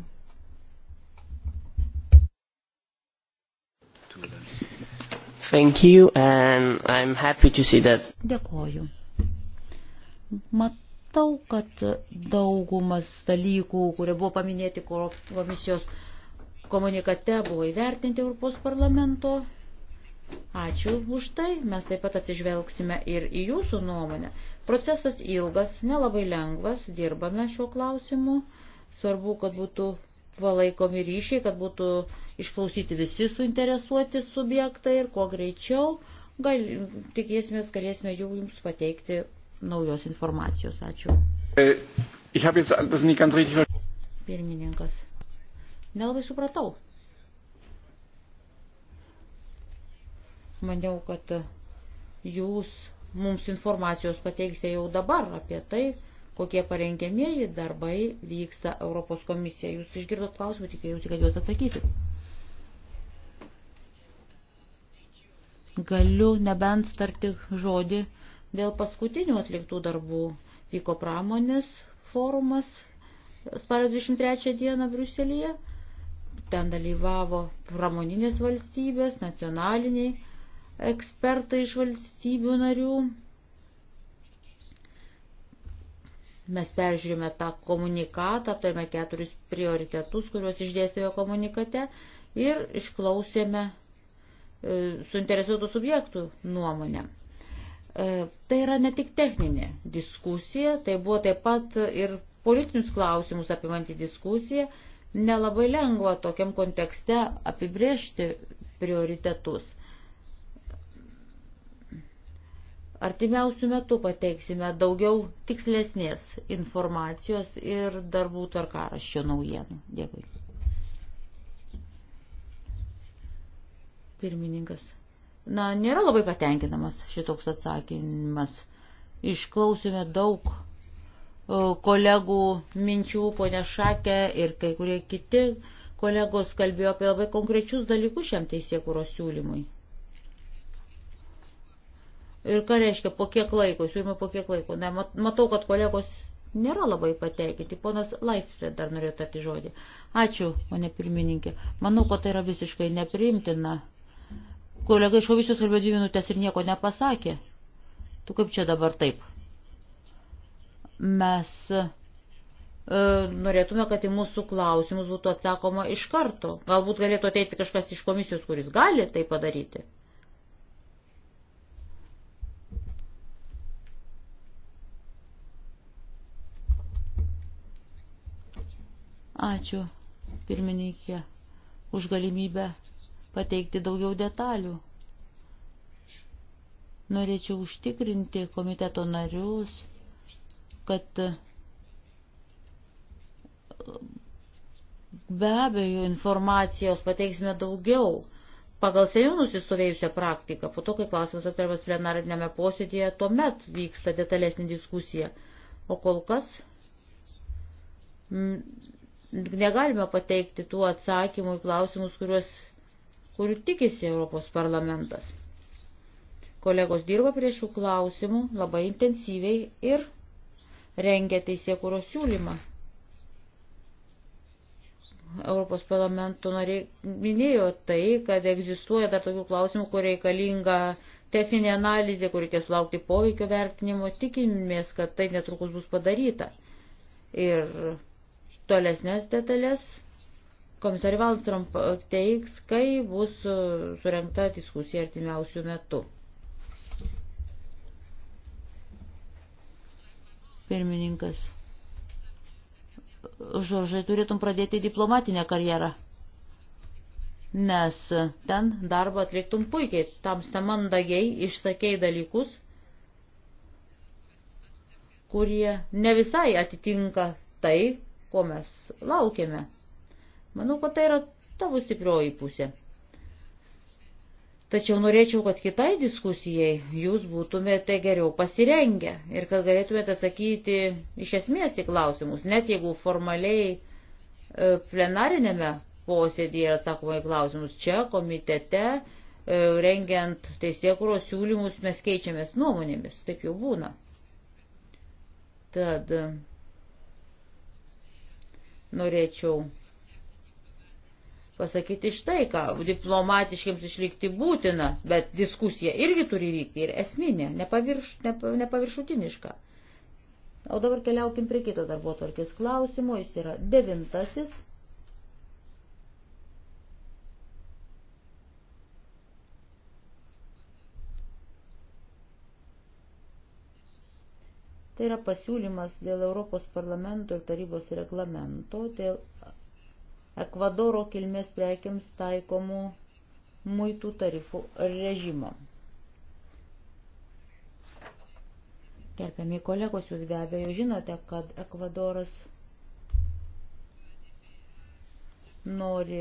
Thank you and I'm happy to see that. Dėkoju. Matau, kad daugumas dalykų, kurie buvo paminėti komisijos komunikate buvo įvertinti Europos parlamento. Ačiū už tai, mes taip pat atsižvelgsime ir į jūsų nuomonę. Procesas ilgas, nelabai lengvas, dirbame šiuo klausimu, svarbu, kad būtų palaikomi ryšiai, kad būtų išklausyti visi suinteresuoti subjektai ir kuo greičiau, gal, tikėsimės, galėsime jau jums pateikti naujos informacijos. Ačiū. E, Pirmininkas. Nelabai supratau. Maniau, kad jūs mums informacijos pateiksite jau dabar apie tai, kokie parengiamieji darbai vyksta Europos komisija. Jūs išgirdot klausimų, tikėjausi, kad juos atsakysit. Galiu nebent starti žodį dėl paskutinių atliktų darbų. Vyko pramonės forumas spalio 23 dieną Briuselėje. Ten dalyvavo pramoninės valstybės, nacionaliniai ekspertai iš valstybių narių. Mes peržiūrėjome tą komunikatą, aptarėme keturis prioritetus, kuriuos išdėstėjo komunikate ir išklausėme e, suinteresuotų subjektų nuomonę. E, tai yra ne tik techninė diskusija, tai buvo taip pat ir politinius klausimus apimanti diskusija nelabai lengva tokiam kontekste apibriežti prioritetus. Artimiausių metų pateiksime daugiau tikslesnės informacijos ir darbų tvarkaraščio naujienų. Dėkui. Pirmininkas. Na, nėra labai patenkinamas šitoks atsakymas. Išklausime daug kolegų minčių, ponė Šakė ir kai kurie kiti kolegos kalbėjo apie labai konkrečius dalykus šiam teisėkūros siūlymui. Ir ką reiškia, po kiek laiko, siūlymai po kiek laiko. Ne, matau, kad kolegos nėra labai pateikinti. Ponas Laifred dar norėjo tarti žodį. Ačiū, ponė pirmininkė. Manau, kad tai yra visiškai nepriimtina. Kolega iš Ovicijos kalbėjo dvi minutės ir nieko nepasakė. Tu kaip čia dabar taip? Mes e, norėtume, kad į mūsų klausimus būtų atsakoma iš karto. Galbūt galėtų ateiti kažkas iš komisijos, kuris gali tai padaryti. Ačiū, pirmininkė, už galimybę pateikti daugiau detalių. Norėčiau užtikrinti komiteto narius kad be abejo informacijos pateiksime daugiau pagal seniau nusistovėjusią praktiką. Po to, kai klausimas atkeliamas plenarinėme posėdėje, tuomet vyksta detalesnė diskusija. O kol kas m, mm, negalime pateikti tų atsakymų į klausimus, kuriuos, kurių tikisi Europos parlamentas. Kolegos dirba prie šių klausimų labai intensyviai ir rengia teisėkūros siūlymą. Europos parlamento nariai minėjo tai, kad egzistuoja dar tokių klausimų, kur reikalinga techninė analizė, kur reikia sulaukti poveikio vertinimo, tikimės, kad tai netrukus bus padaryta. Ir tolesnės detalės komisarį Valstrom teiks, kai bus surengta diskusija artimiausių metų. Pirmininkas. Žoržai, turėtum pradėti diplomatinę karjerą, nes ten darbą atliktum puikiai, tamsta mandagiai išsakei dalykus, kurie ne visai atitinka tai, ko mes laukiame. Manau, kad tai yra tavo stiprioji pusė. Tačiau norėčiau, kad kitai diskusijai jūs būtumėte geriau pasirengę ir kad galėtumėte atsakyti iš esmės į klausimus, net jeigu formaliai e, plenarinėme posėdėje yra atsakoma į klausimus čia, komitete, e, rengiant teisėkuros siūlymus, mes keičiamės nuomonėmis, taip jau būna. Tad norėčiau pasakyti štai ką, diplomatiškiams išlikti būtina, bet diskusija irgi turi vykti ir esminė, nepavirš, nepa, nepaviršutiniška. O dabar keliaukim prie kito darbo tvarkės klausimo, jis yra devintasis. Tai yra pasiūlymas dėl Europos parlamento ir tarybos reglamento, dėl Ekvadoro kilmės prekiams taikomų muitų tarifų režimo. Gerbiami kolegos, jūs be abejo žinote, kad Ekvadoras nori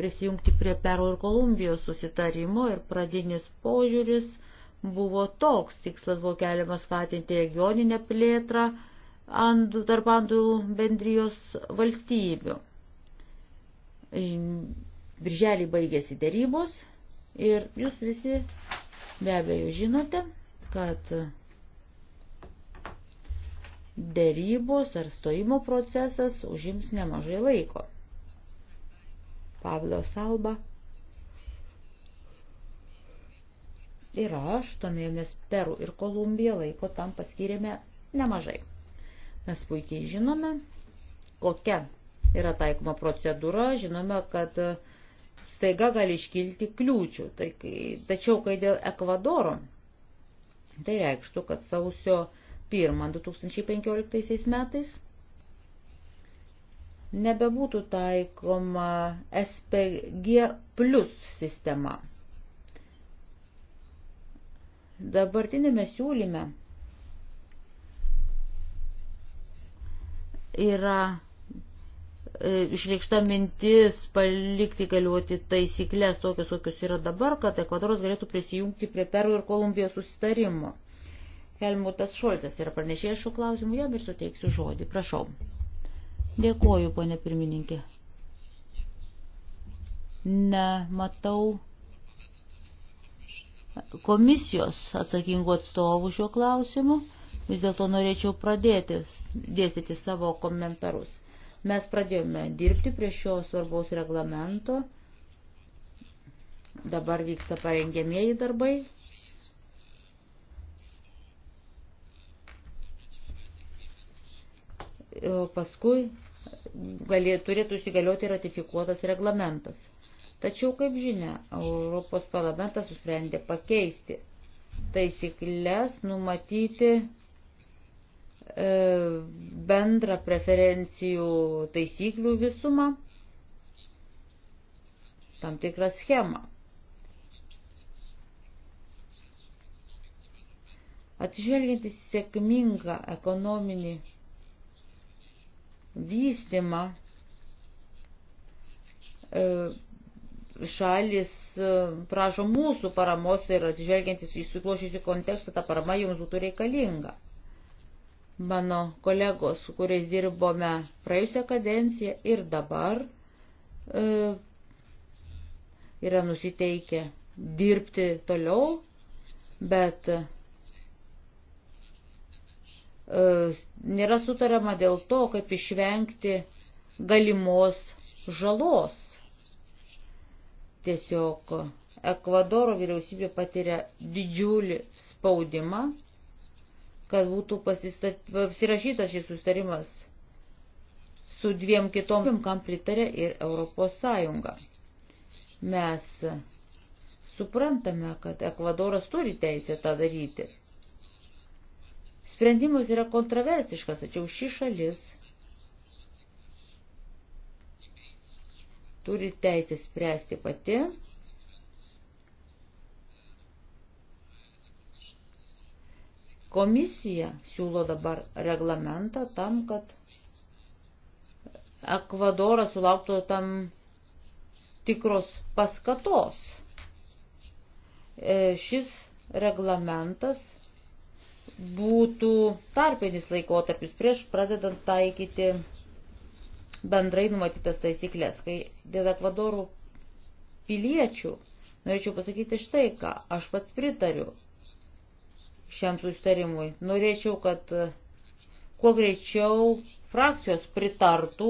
prisijungti prie Peru ir Kolumbijos susitarimo ir pradinis požiūris buvo toks. Tikslas buvo keliamas skatinti regioninę plėtrą andų, tarp andų bendrijos valstybių. Birželį baigėsi dėrybos ir jūs visi be abejo žinote, kad dėrybos ar stojimo procesas užims nemažai laiko. Pavlo Salba ir aš domėjomės Peru ir Kolumbiją, laiko tam paskyrėme nemažai. Mes puikiai žinome, kokia yra taikoma procedūra, žinome, kad staiga gali iškilti kliūčių. Tai, tačiau, kai dėl Ekvadoro, tai reikštų, kad sausio 1 2015 metais nebebūtų taikoma SPG plus sistema. Dabartinėme siūlyme yra E, išreikšta mintis palikti galiuoti taisyklės tokius, kokius yra dabar, kad Ekvadoras galėtų prisijungti prie Peru ir Kolumbijos susitarimo. Helmutas Šoltas yra pranešėjęs šių klausimų, jam ir suteiksiu žodį. Prašau. Dėkoju, ponė pirmininkė. Nematau komisijos atsakingų atstovų šiuo klausimu. Vis dėlto norėčiau pradėti dėstyti savo komentarus. Mes pradėjome dirbti prie šio svarbaus reglamento. Dabar vyksta parengėmieji darbai. O paskui galė, turėtų įsigalioti ratifikuotas reglamentas. Tačiau, kaip žinia, Europos parlamentas susprendė pakeisti taisyklės, numatyti E, bendrą preferencijų taisyklių visumą, tam tikrą schemą. Atsižvelgiant į sėkmingą ekonominį vystimą, e, šalis e, prašo mūsų paramos ir atsižvelgiant į susiklošysių kontekstą, ta parama jums būtų reikalinga. Mano kolegos, su kuriais dirbome praėjusią kadenciją ir dabar, e, yra nusiteikę dirbti toliau, bet e, nėra sutarama dėl to, kaip išvengti galimos žalos. Tiesiog Ekvadoro vyriausybė patiria didžiulį spaudimą kad būtų pasirašytas šis sustarimas su dviem kitom, kam pritarė ir Europos Sąjunga. Mes suprantame, kad Ekvadoras turi teisę tą daryti. Sprendimas yra kontroversiškas, tačiau ši šalis turi teisę spręsti pati Komisija siūlo dabar reglamentą tam, kad Ekvadoras sulauktų tam tikros paskatos. E, šis reglamentas būtų tarpinis laikotarpis prieš pradedant taikyti bendrai numatytas taisyklės. Kai dėl Ekvadorų piliečių norėčiau pasakyti štai ką, aš pats pritariu šiam sustarimui. Norėčiau, kad e, kuo greičiau frakcijos pritartų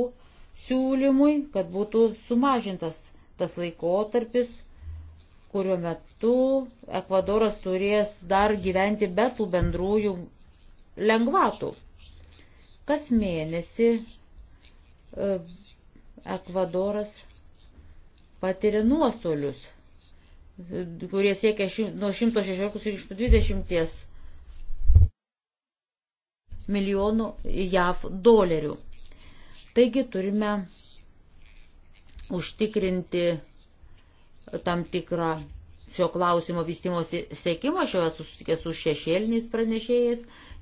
siūlymui, kad būtų sumažintas tas laikotarpis, kurio metu Ekvadoras turės dar gyventi be tų bendrųjų lengvatų. Kas mėnesį e, Ekvadoras patiria nuostolius kurie siekia ši, nuo 116 ir 120 milijonų JAV dolerių. Taigi turime užtikrinti tam tikrą šio klausimo vystimosi sėkimą. Aš jau esu susitikęs su šešėliniais pranešėjais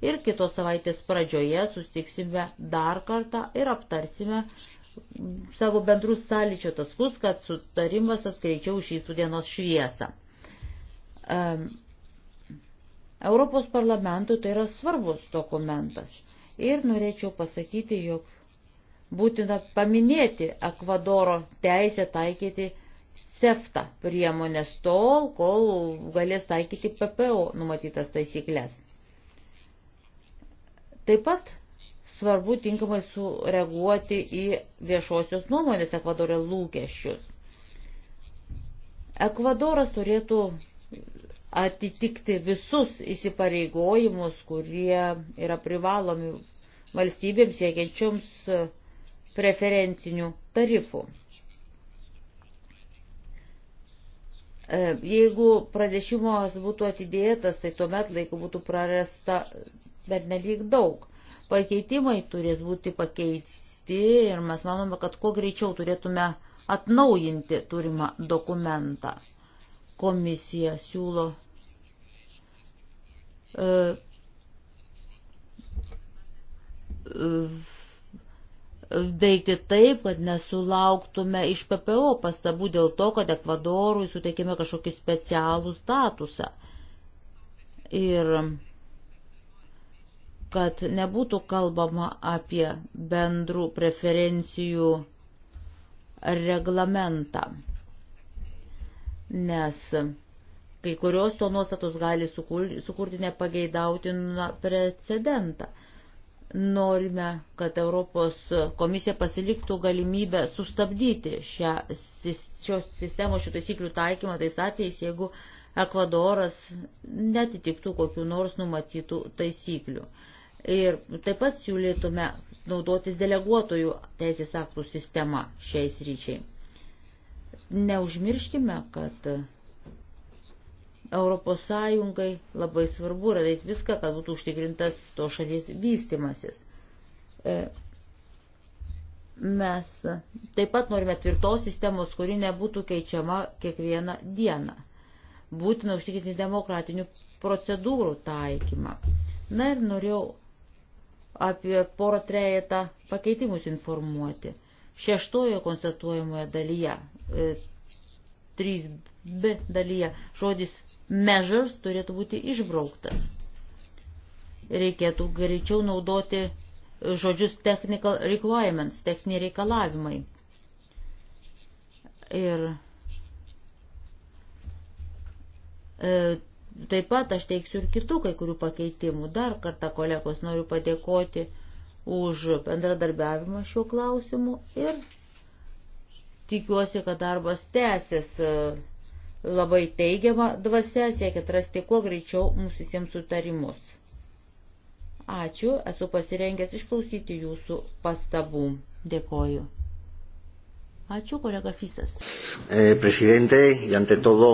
ir kitos savaitės pradžioje susitiksime dar kartą ir aptarsime savo bendrus sąlyčio taskus, kad sutarimas atskreičiau šį sudienos šviesą. Um, Europos parlamentui tai yra svarbus dokumentas. Ir norėčiau pasakyti, jog būtina paminėti Ekvadoro teisę taikyti SEFTA priemonės tol, kol galės taikyti PPO numatytas taisyklės. Taip pat svarbu tinkamai sureaguoti į viešosios nuomonės Ekvadorė lūkesčius. Ekvadoras turėtų atitikti visus įsipareigojimus, kurie yra privalomi valstybėms siekiančioms preferencinių tarifų. E, jeigu pradėšimas būtų atidėtas, tai tuomet laiko būtų prarasta bet nelik daug. Pakeitimai turės būti pakeisti ir mes manome, kad kuo greičiau turėtume atnaujinti turimą dokumentą. Komisija siūlo e, e, veikti taip, kad nesulauktume iš PPO pastabų dėl to, kad Ekvadorui suteikime kažkokį specialų statusą. Ir kad nebūtų kalbama apie bendrų preferencijų reglamentą, nes kai kurios to nuostatos gali sukurti nepageidautiną precedentą. Norime, kad Europos komisija pasiliktų galimybę sustabdyti šią, šios sistemos, šių taisyklių taikymą tais atvejais, jeigu Ekvadoras netitiktų kokiu nors numatytų taisyklių. Ir taip pat siūlytume naudotis deleguotojų teisės aktų sistema šiais ryčiai. Neužmirškime, kad Europos Sąjungai labai svarbu yra daryti viską, kad būtų užtikrintas to šalies vystimasis. E, mes taip pat norime tvirtos sistemos, kuri nebūtų keičiama kiekvieną dieną. Būtina užtikrinti demokratinių procedūrų taikymą. Na ir norėjau apie porą trejetą pakeitimus informuoti. Šeštojo konstatuojamoje dalyje, 3b e, dalyje, žodis measures turėtų būti išbrauktas. Reikėtų greičiau naudoti žodžius technical requirements, techniniai reikalavimai. Ir e, Taip pat aš teiksiu ir kitų kai kurių pakeitimų. Dar kartą kolegos noriu padėkoti už bendradarbiavimą šiuo klausimu ir tikiuosi, kad darbas tęsis e, labai teigiamą dvasę, siekiant rasti kuo greičiau mums visiems sutarimus. Ačiū, esu pasirengęs išklausyti jūsų pastabų. Dėkoju. Ačiū, kolega Fisas. Eh, presidente, y ante todo,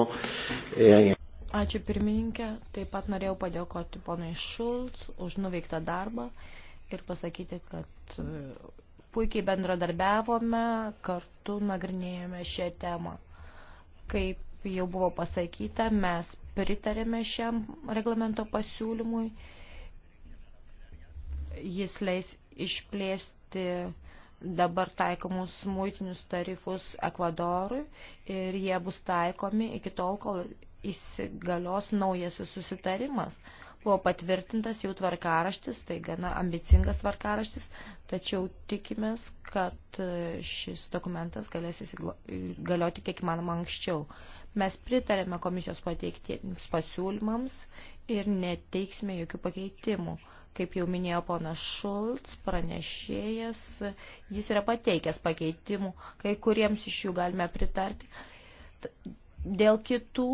eh, Ačiū pirmininkė. Taip pat norėjau padėkoti ponui Šulc už nuveiktą darbą ir pasakyti, kad e, puikiai bendradarbiavome, kartu nagrinėjome šią temą. Kaip jau buvo pasakyta, mes pritarėme šiam reglamento pasiūlymui. Jis leis išplėsti dabar taikomus muitinius tarifus Ekvadorui ir jie bus taikomi iki tol, kol įsigalios naujasis susitarimas. Buvo patvirtintas jau tvarkaraštis, tai gana ambicingas tvarkaraštis, tačiau tikimės, kad šis dokumentas galės įsigalioti kiek įmanoma anksčiau. Mes pritarėme komisijos pateiktiems pasiūlymams ir neteiksime jokių pakeitimų. Kaip jau minėjo ponas Šulc, pranešėjas, jis yra pateikęs pakeitimų, kai kuriems iš jų galime pritarti Dėl kitų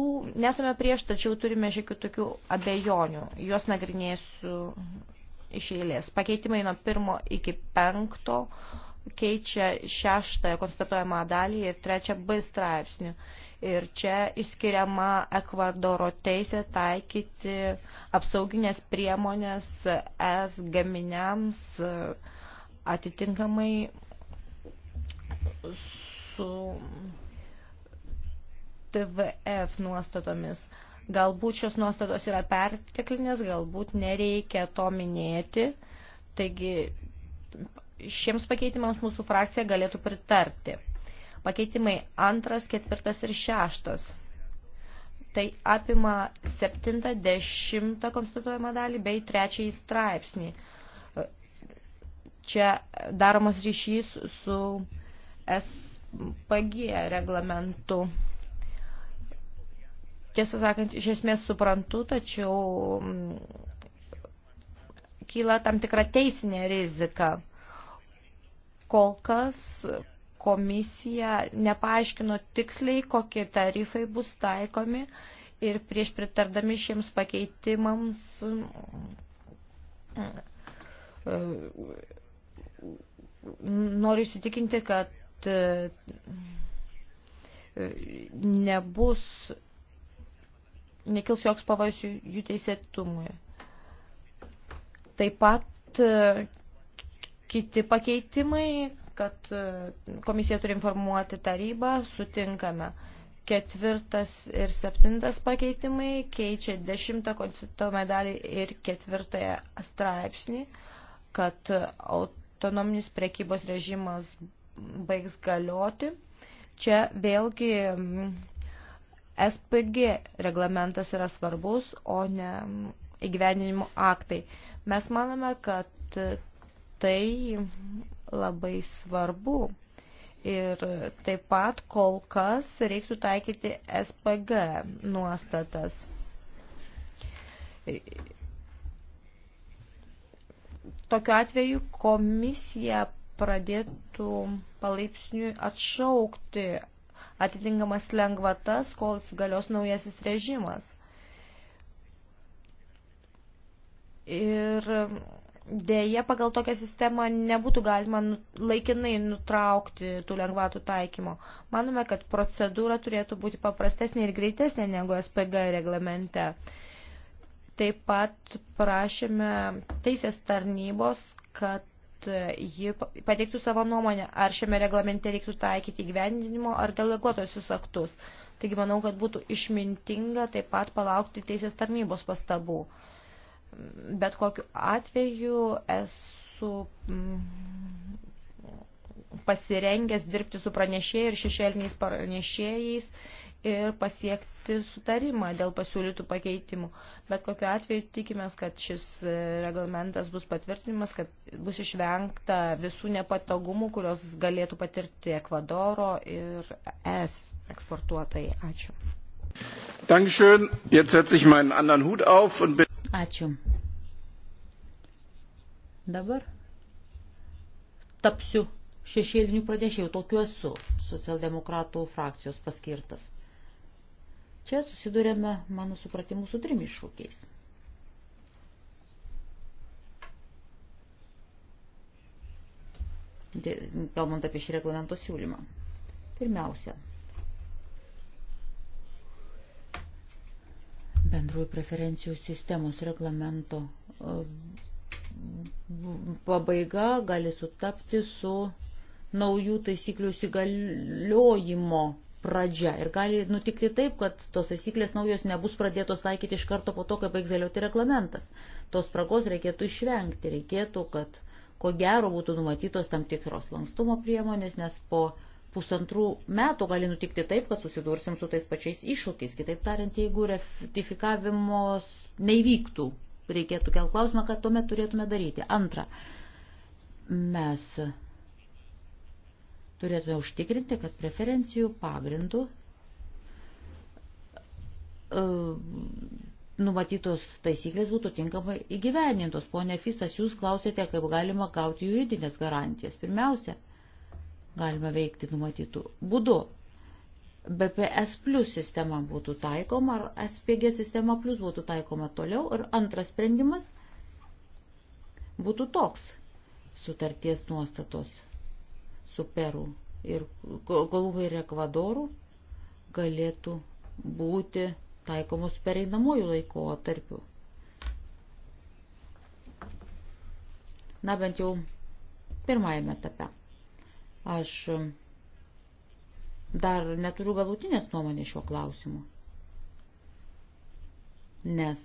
nesame prieš, tačiau turime šiek tiek tokių abejonių. Juos nagrinėsiu iš eilės. Pakeitimai nuo pirmo iki penkto keičia šeštąją konstatuojamą dalį ir trečią B straipsnių. Ir čia išskiriama Ekvadoro teisė taikyti apsauginės priemonės es gaminiams atitinkamai su TVF nuostatomis. Galbūt šios nuostatos yra perteklinės, galbūt nereikia to minėti. Taigi šiems pakeitimams mūsų frakcija galėtų pritarti. Pakeitimai antras, ketvirtas ir šeštas. Tai apima septintą, dešimtą konstatuojamą dalį bei trečiąjį straipsnį. Čia daromas ryšys su SPG reglamentu tiesą sakant, iš esmės suprantu, tačiau mm, kyla tam tikra teisinė rizika. Kol kas komisija nepaaiškino tiksliai, kokie tarifai bus taikomi ir prieš pritardami šiems pakeitimams mm, noriu įsitikinti, kad mm, nebus nekils joks pavojus jų teisėtumui. Taip pat e, kiti pakeitimai, kad e, komisija turi informuoti tarybą, sutinkame. Ketvirtas ir septintas pakeitimai keičia dešimtą konstituto medalį ir ketvirtąją straipsnį, kad autonominis prekybos režimas baigs galioti. Čia vėlgi SPG reglamentas yra svarbus, o ne įgyvendinimo aktai. Mes manome, kad tai labai svarbu. Ir taip pat kol kas reiktų taikyti SPG nuostatas. Tokiu atveju komisija pradėtų palaipsniui atšaukti atitinkamas lengvatas, kol įsigalios naujasis režimas. Ir dėje pagal tokią sistemą nebūtų galima nu, laikinai nutraukti tų lengvatų taikymo. Manome, kad procedūra turėtų būti paprastesnė ir greitesnė negu SPG reglamente. Taip pat prašėme teisės tarnybos, kad E, ji pateiktų savo nuomonę, ar šiame reglamente reiktų taikyti gyvendinimo ar deleguotosius aktus. Taigi manau, kad būtų išmintinga taip pat palaukti teisės tarnybos pastabų. Bet kokiu atveju esu mm, pasirengęs dirbti su pranešėjai ir šešėliniais pranešėjais ir pasiekti sutarimą dėl pasiūlytų pakeitimų. Bet kokiu atveju tikimės, kad šis e, reglamentas bus patvirtinimas, kad bus išvengta visų nepatogumų, kurios galėtų patirti Ekvadoro ir ES eksportuotojai. Ačiū. Dankeschön. Jetzt setze ich meinen anderen Hut auf und bin. Ačiū. Dabar tapsiu šešėlinių pradėšėjų, tokiu esu socialdemokratų frakcijos paskirtas. Čia susidurėme, mano supratimu, su trim iššūkiais. Kalbant apie šį reglamento siūlymą. Pirmiausia, bendrųjų preferencijų sistemos reglamento e, pabaiga gali sutapti su naujų taisyklių įsigaliojimo pradžia. Ir gali nutikti taip, kad tos taisyklės naujos nebus pradėtos taikyti iš karto po to, kai baigs galioti reglamentas. Tos spragos reikėtų išvengti, reikėtų, kad ko gero būtų numatytos tam tikros lankstumo priemonės, nes po pusantrų metų gali nutikti taip, kad susidursim su tais pačiais iššūkiais. Kitaip tariant, jeigu ratifikavimos neįvyktų, reikėtų kelti klausimą, ką tuomet turėtume daryti. Antra, mes turėtume užtikrinti, kad preferencijų pagrindų e, numatytos taisyklės būtų tinkamai įgyvenintos. Pone Fisas, jūs klausėte, kaip galima gauti juridinės garantijas. Pirmiausia, galima veikti numatytų būdu. BPS plus sistema būtų taikoma, ar SPG sistema plus būtų taikoma toliau. Ir antras sprendimas būtų toks sutarties nuostatos su Peru ir Kolumbija ir Ekvadoru galėtų būti taikomus pereinamųjų laikotarpių. Na bent jau pirmajame etape. Aš dar neturiu galutinės nuomonės šiuo klausimu, nes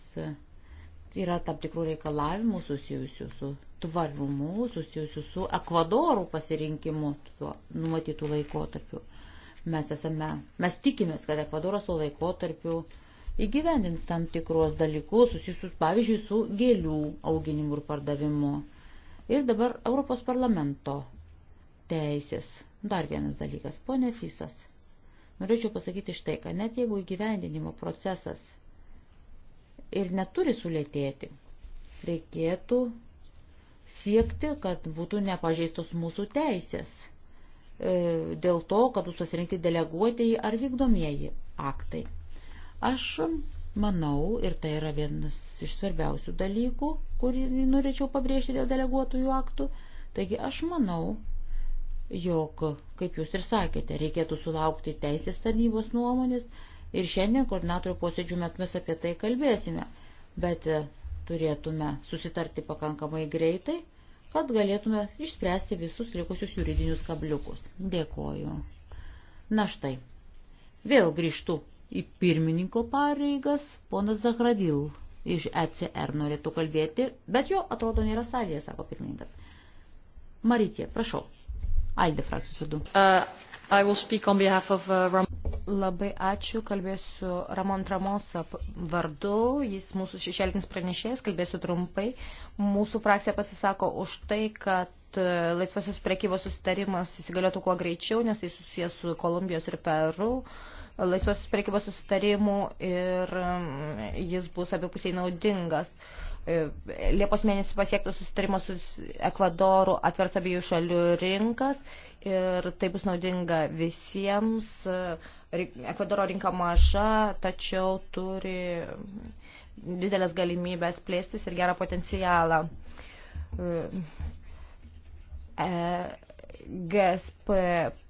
yra tam tikrų reikalavimų susijusių su tvarumu susijusiu su Ekvadorų pasirinkimu tuo numatytų laikotarpiu. Mes, esame, mes tikimės, kad Ekvadoras tuo laikotarpiu įgyvendins tam tikros dalykus susijusius, pavyzdžiui, su gėlių auginimu ir pardavimu. Ir dabar Europos parlamento teisės. Dar vienas dalykas, ponė Fisas. Norėčiau pasakyti štai, kad net jeigu įgyvendinimo procesas ir neturi sulėtėti, reikėtų siekti, kad būtų nepažeistos mūsų teisės e, dėl to, kad bus pasirinkti deleguotieji ar vykdomieji aktai. Aš manau, ir tai yra vienas iš svarbiausių dalykų, kurį norėčiau pabrėžti dėl deleguotųjų aktų, taigi aš manau, jog, kaip jūs ir sakėte, reikėtų sulaukti teisės tarnybos nuomonės ir šiandien koordinatorių posėdžių metu mes apie tai kalbėsime. Bet turėtume susitarti pakankamai greitai, kad galėtume išspręsti visus likusius juridinius kabliukus. Dėkoju. Na štai, vėl grįžtu į pirmininko pareigas, ponas Zahradil iš ECR norėtų kalbėti, bet jo atrodo nėra salėje, sako pirmininkas. Maritė, prašau. Alde frakcijos vadu. Uh, of, uh, labai ačiū. Kalbėsiu Ramon Tramosa vardu. Jis mūsų šešėlinis pranešėjas. Kalbėsiu trumpai. Mūsų frakcija pasisako už tai, kad e, laisvasios prekybos susitarimas įsigaliotų kuo greičiau, nes tai susijęs su Kolumbijos ir Peru laisvosios prekybos susitarimų ir mm, jis bus abipusiai naudingas. E, Liepos mėnesį pasiektas susitarimas su Ekvadoru atvers abiejų šalių rinkas ir tai bus naudinga visiems. Uh, Ekvadoro rinka maža, tačiau turi didelės galimybės plėstis ir gerą potencialą. E, GSP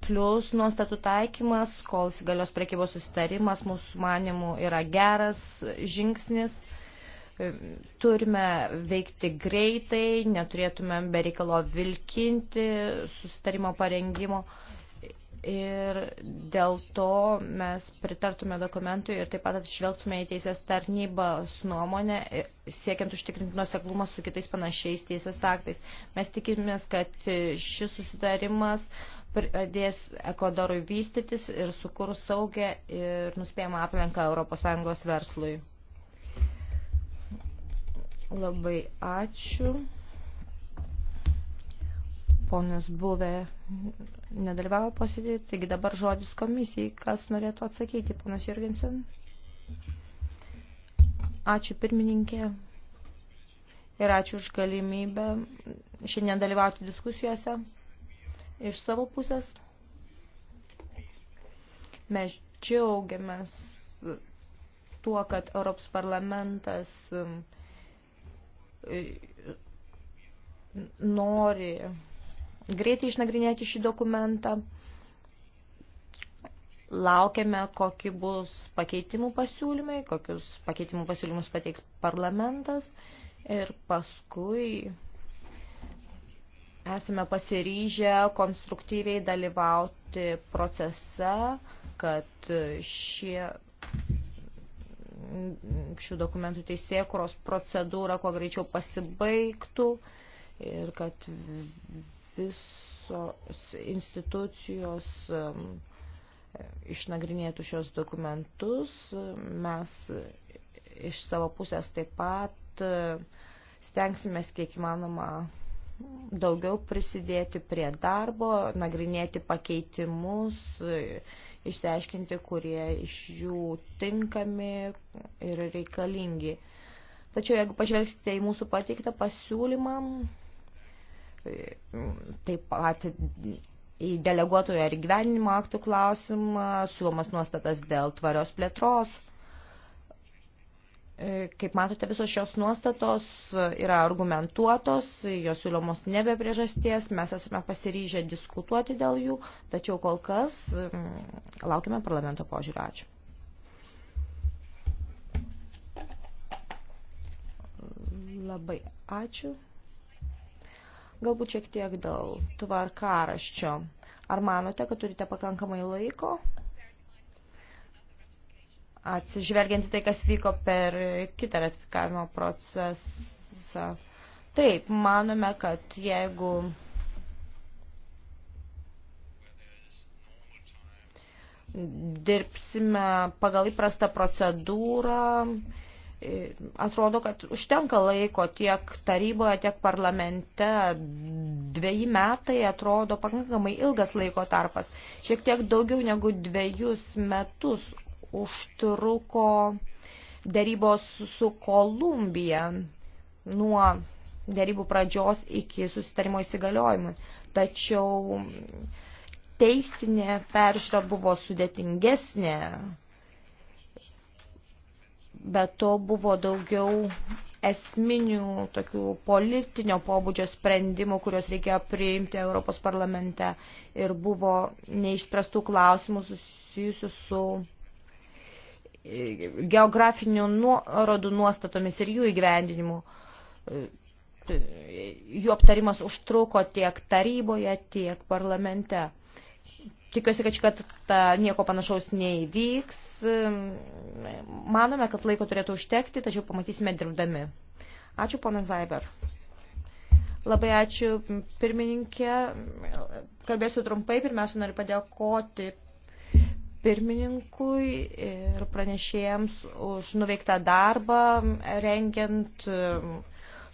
plus nuostatų taikymas, kol įsigalios prekybos susitarimas, mūsų manimų yra geras žingsnis. E, turime veikti greitai, neturėtume bereikalo vilkinti susitarimo parengimo. Uh, ir dėl to mes pritartume dokumentui ir taip pat atšvelgtume į teisės tarnybos nuomonę, e, siekiant užtikrinti nuoseklumą su kitais panašiais teisės aktais. Mes tikimės, kad šis susitarimas pradės Ekvadorui vystytis ir sukurs saugę ir nuspėjamą aplinką ES verslui. Labai ačiū ponas buvę nedalyvavo posėdėje, taigi dabar žodis komisijai, kas norėtų atsakyti, ponas Jurgensen. Ačiū pirmininkė ir ačiū už galimybę šiandien dalyvauti diskusijose iš savo pusės. Mes džiaugiamės tuo, kad Europos parlamentas e, nori greitai išnagrinėti šį dokumentą. Laukiame, kokie bus pakeitimų pasiūlymai, kokius pakeitimų pasiūlymus pateiks parlamentas ir paskui esame pasiryžę konstruktyviai dalyvauti procese, kad šie šių dokumentų teisėkuros procedūra kuo greičiau pasibaigtų ir kad visos institucijos um, išnagrinėtų šios dokumentus. Mes iš savo pusės taip pat uh, stengsime kiek įmanoma daugiau prisidėti prie darbo, nagrinėti pakeitimus, išsiaiškinti, kurie iš jų tinkami ir reikalingi. Tačiau jeigu pažvelgsite į mūsų pateiktą pasiūlymą, Tai, taip pat į deleguotojo ir gyvenimo aktų klausimą siūlomas nuostatas dėl tvarios plėtros. E, kaip matote, visos šios nuostatos yra argumentuotos, jos siūlomos nebe priežasties, mes esame pasiryžę diskutuoti dėl jų, tačiau kol kas mm, laukime parlamento požiūrį. Ačiū. Labai ačiū. Galbūt šiek tiek dėl tvarkaraščio. Ar manote, kad turite pakankamai laiko? Atsižvelgiant į tai, kas vyko per kitą ratifikavimo procesą. Taip, manome, kad jeigu dirbsime pagal įprastą procedūrą, Atrodo, kad užtenka laiko tiek taryboje, tiek parlamente. Dveji metai atrodo pakankamai ilgas laiko tarpas. Šiek tiek daugiau negu dviejus metus užtruko dėrybos su Kolumbija nuo dėrybų pradžios iki susitarimo įsigaliojimui. Tačiau teisinė peržiūra buvo sudėtingesnė bet to buvo daugiau esminių tokių politinio pobūdžio sprendimų, kuriuos reikėjo priimti Europos parlamente ir buvo neišspręstų klausimų susijusių su geografinių nuorodų nuostatomis ir jų įgyvendinimu. Jų aptarimas užtruko tiek taryboje, tiek parlamente. Tikiuosi, kad šį kartą nieko panašaus neįvyks. Manome, kad laiko turėtų užtekti, tačiau pamatysime dirbdami. Ačiū, ponas Zaiber. Labai ačiū, pirmininkė. Kalbėsiu trumpai. Pirmiausia, noriu padėkoti pirmininkui ir pranešėjams už nuveiktą darbą, rengiant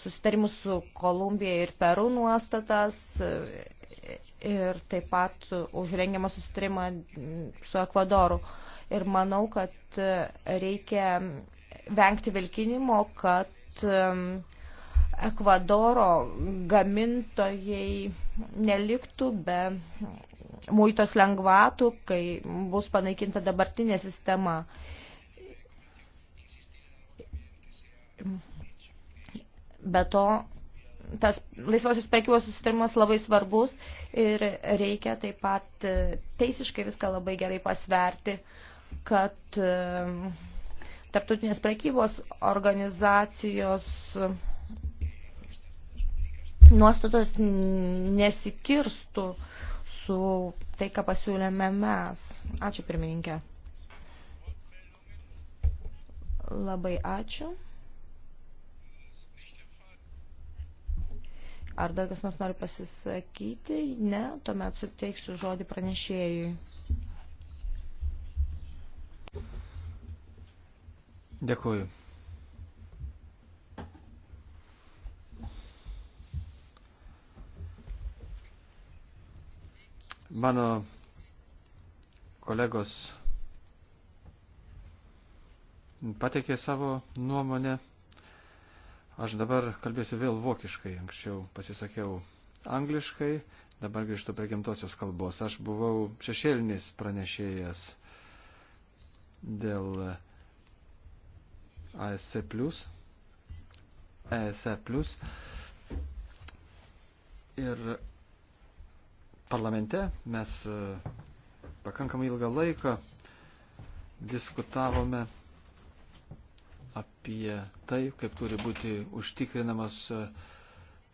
susitarimus su Kolumbija ir Peru nuostatas ir taip pat už rengiamą susitarimą su Ekvadoru. Ir manau, kad e, reikia vengti vilkinimo, kad e, Ekvadoro gamintojai neliktų be muitos lengvatų, kai bus panaikinta dabartinė sistema. Be to, tas laisvosios prekybos susitarimas labai svarbus ir reikia taip pat e, teisiškai viską labai gerai pasverti, kad e, tarptautinės prekybos organizacijos nuostatos nesikirstų su tai, ką pasiūlėme mes. Ačiū pirmininkė. Labai ačiū. Ar dar kas nors nori pasisakyti? Ne, tuomet suteiksiu žodį pranešėjui. Dėkuoju. Mano kolegos pateikė savo nuomonę Aš dabar kalbėsiu vėl vokiškai, anksčiau pasisakiau angliškai, dabar grįžtu prie gimtosios kalbos. Aš buvau šešėlinis pranešėjas dėl ASC, ESC. Ir parlamente mes e, pakankamai ilgą laiką diskutavome apie tai, kaip turi būti užtikrinamas e,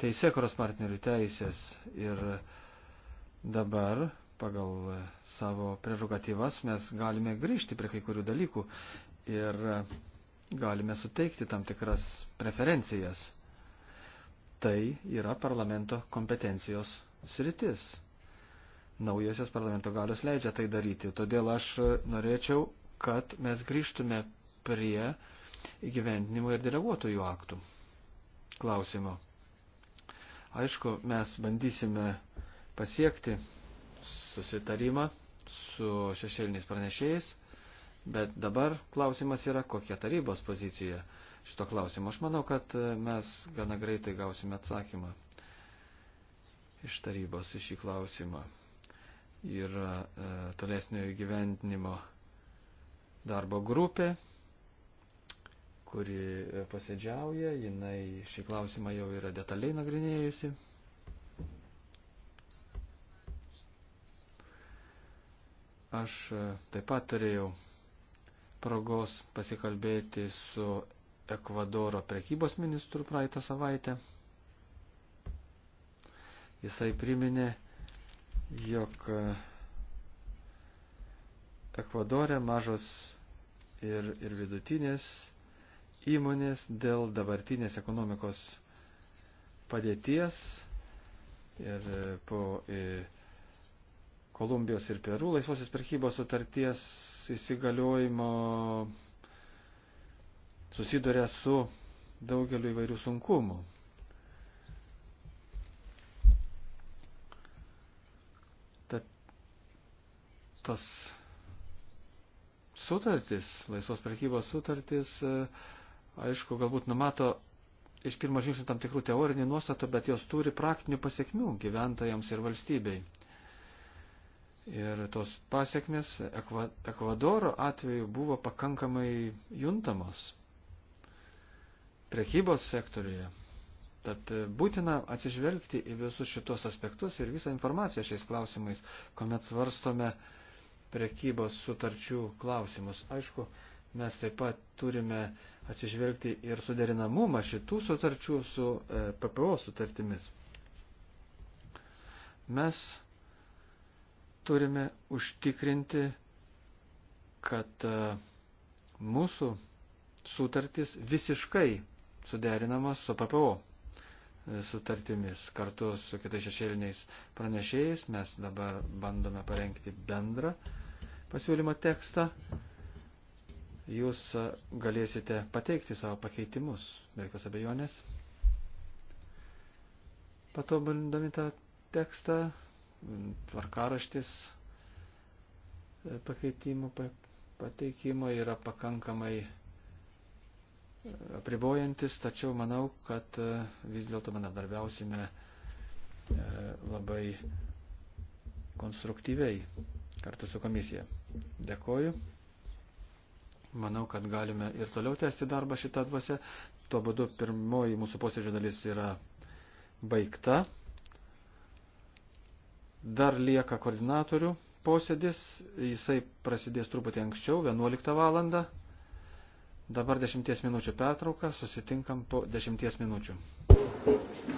teisėkuros partnerių teisės. Ir dabar pagal e, savo prerogatyvas mes galime grįžti prie kai kurių dalykų ir e, galime suteikti tam tikras preferencijas. Tai yra parlamento kompetencijos sritis. Naujosios parlamento galios leidžia tai daryti. Todėl aš norėčiau, kad mes grįžtume prie uh, įgyvendinimo ir deleguotojų aktų klausimo. Aišku, mes bandysime pasiekti susitarimą su šešėliniais pranešėjais, bet dabar klausimas yra, kokia tarybos pozicija šito klausimo. Aš manau, kad e, mes gana greitai gausime atsakymą iš tarybos į šį klausimą ir e, tolesnio įgyvendinimo darbo grupė kuri e, posėdžiauja, jinai šį klausimą jau yra detaliai nagrinėjusi. Aš e, taip pat turėjau progos pasikalbėti su Ekvadoro prekybos ministru praeitą savaitę. Jisai priminė, jog e, Ekvadore mažos ir, ir vidutinės įmonės dėl dabartinės ekonomikos padėties ir e, po e, Kolumbijos ir Perų laisvosios prekybos sutarties įsigaliojimo susiduria su daugeliu įvairių sunkumų. Tad tas sutartis, laisvos prekybos sutartis, e, aišku, galbūt numato iš pirmo žingsnio tam tikrų teorinių nuostatų, bet jos turi praktinių pasiekmių gyventojams ir valstybei. Ir tos pasiekmes Ekvadoro atveju buvo pakankamai juntamos prekybos sektoriuje. Tad e, būtina atsižvelgti į visus šitos aspektus ir visą informaciją šiais klausimais, kuomet svarstome prekybos sutarčių klausimus. Aišku, mes taip pat turime atsižvelgti ir suderinamumą šitų sutarčių su e, PPO sutartimis. Mes turime užtikrinti, kad e, mūsų sutartis visiškai suderinamas su PPO e, sutartimis. Kartu su kitais šešėliniais pranešėjais mes dabar bandome parengti bendrą pasiūlymo tekstą jūs galėsite pateikti savo pakeitimus, be jokios abejonės. Patobulindami tą tekstą, tvarkaraštis e, pakeitimų pateikimo yra pakankamai e, apribojantis, tačiau manau, kad e, vis dėlto bendradarbiausime labai konstruktyviai kartu su komisija. Dėkoju. Manau, kad galime ir toliau tęsti darbą šitą dvasę. Tuo būdu pirmoji mūsų posėdžio dalis yra baigta. Dar lieka koordinatorių posėdis. Jisai prasidės truputį anksčiau, 11 valandą. Dabar 10 minučių pertrauka, susitinkam po 10 minučių.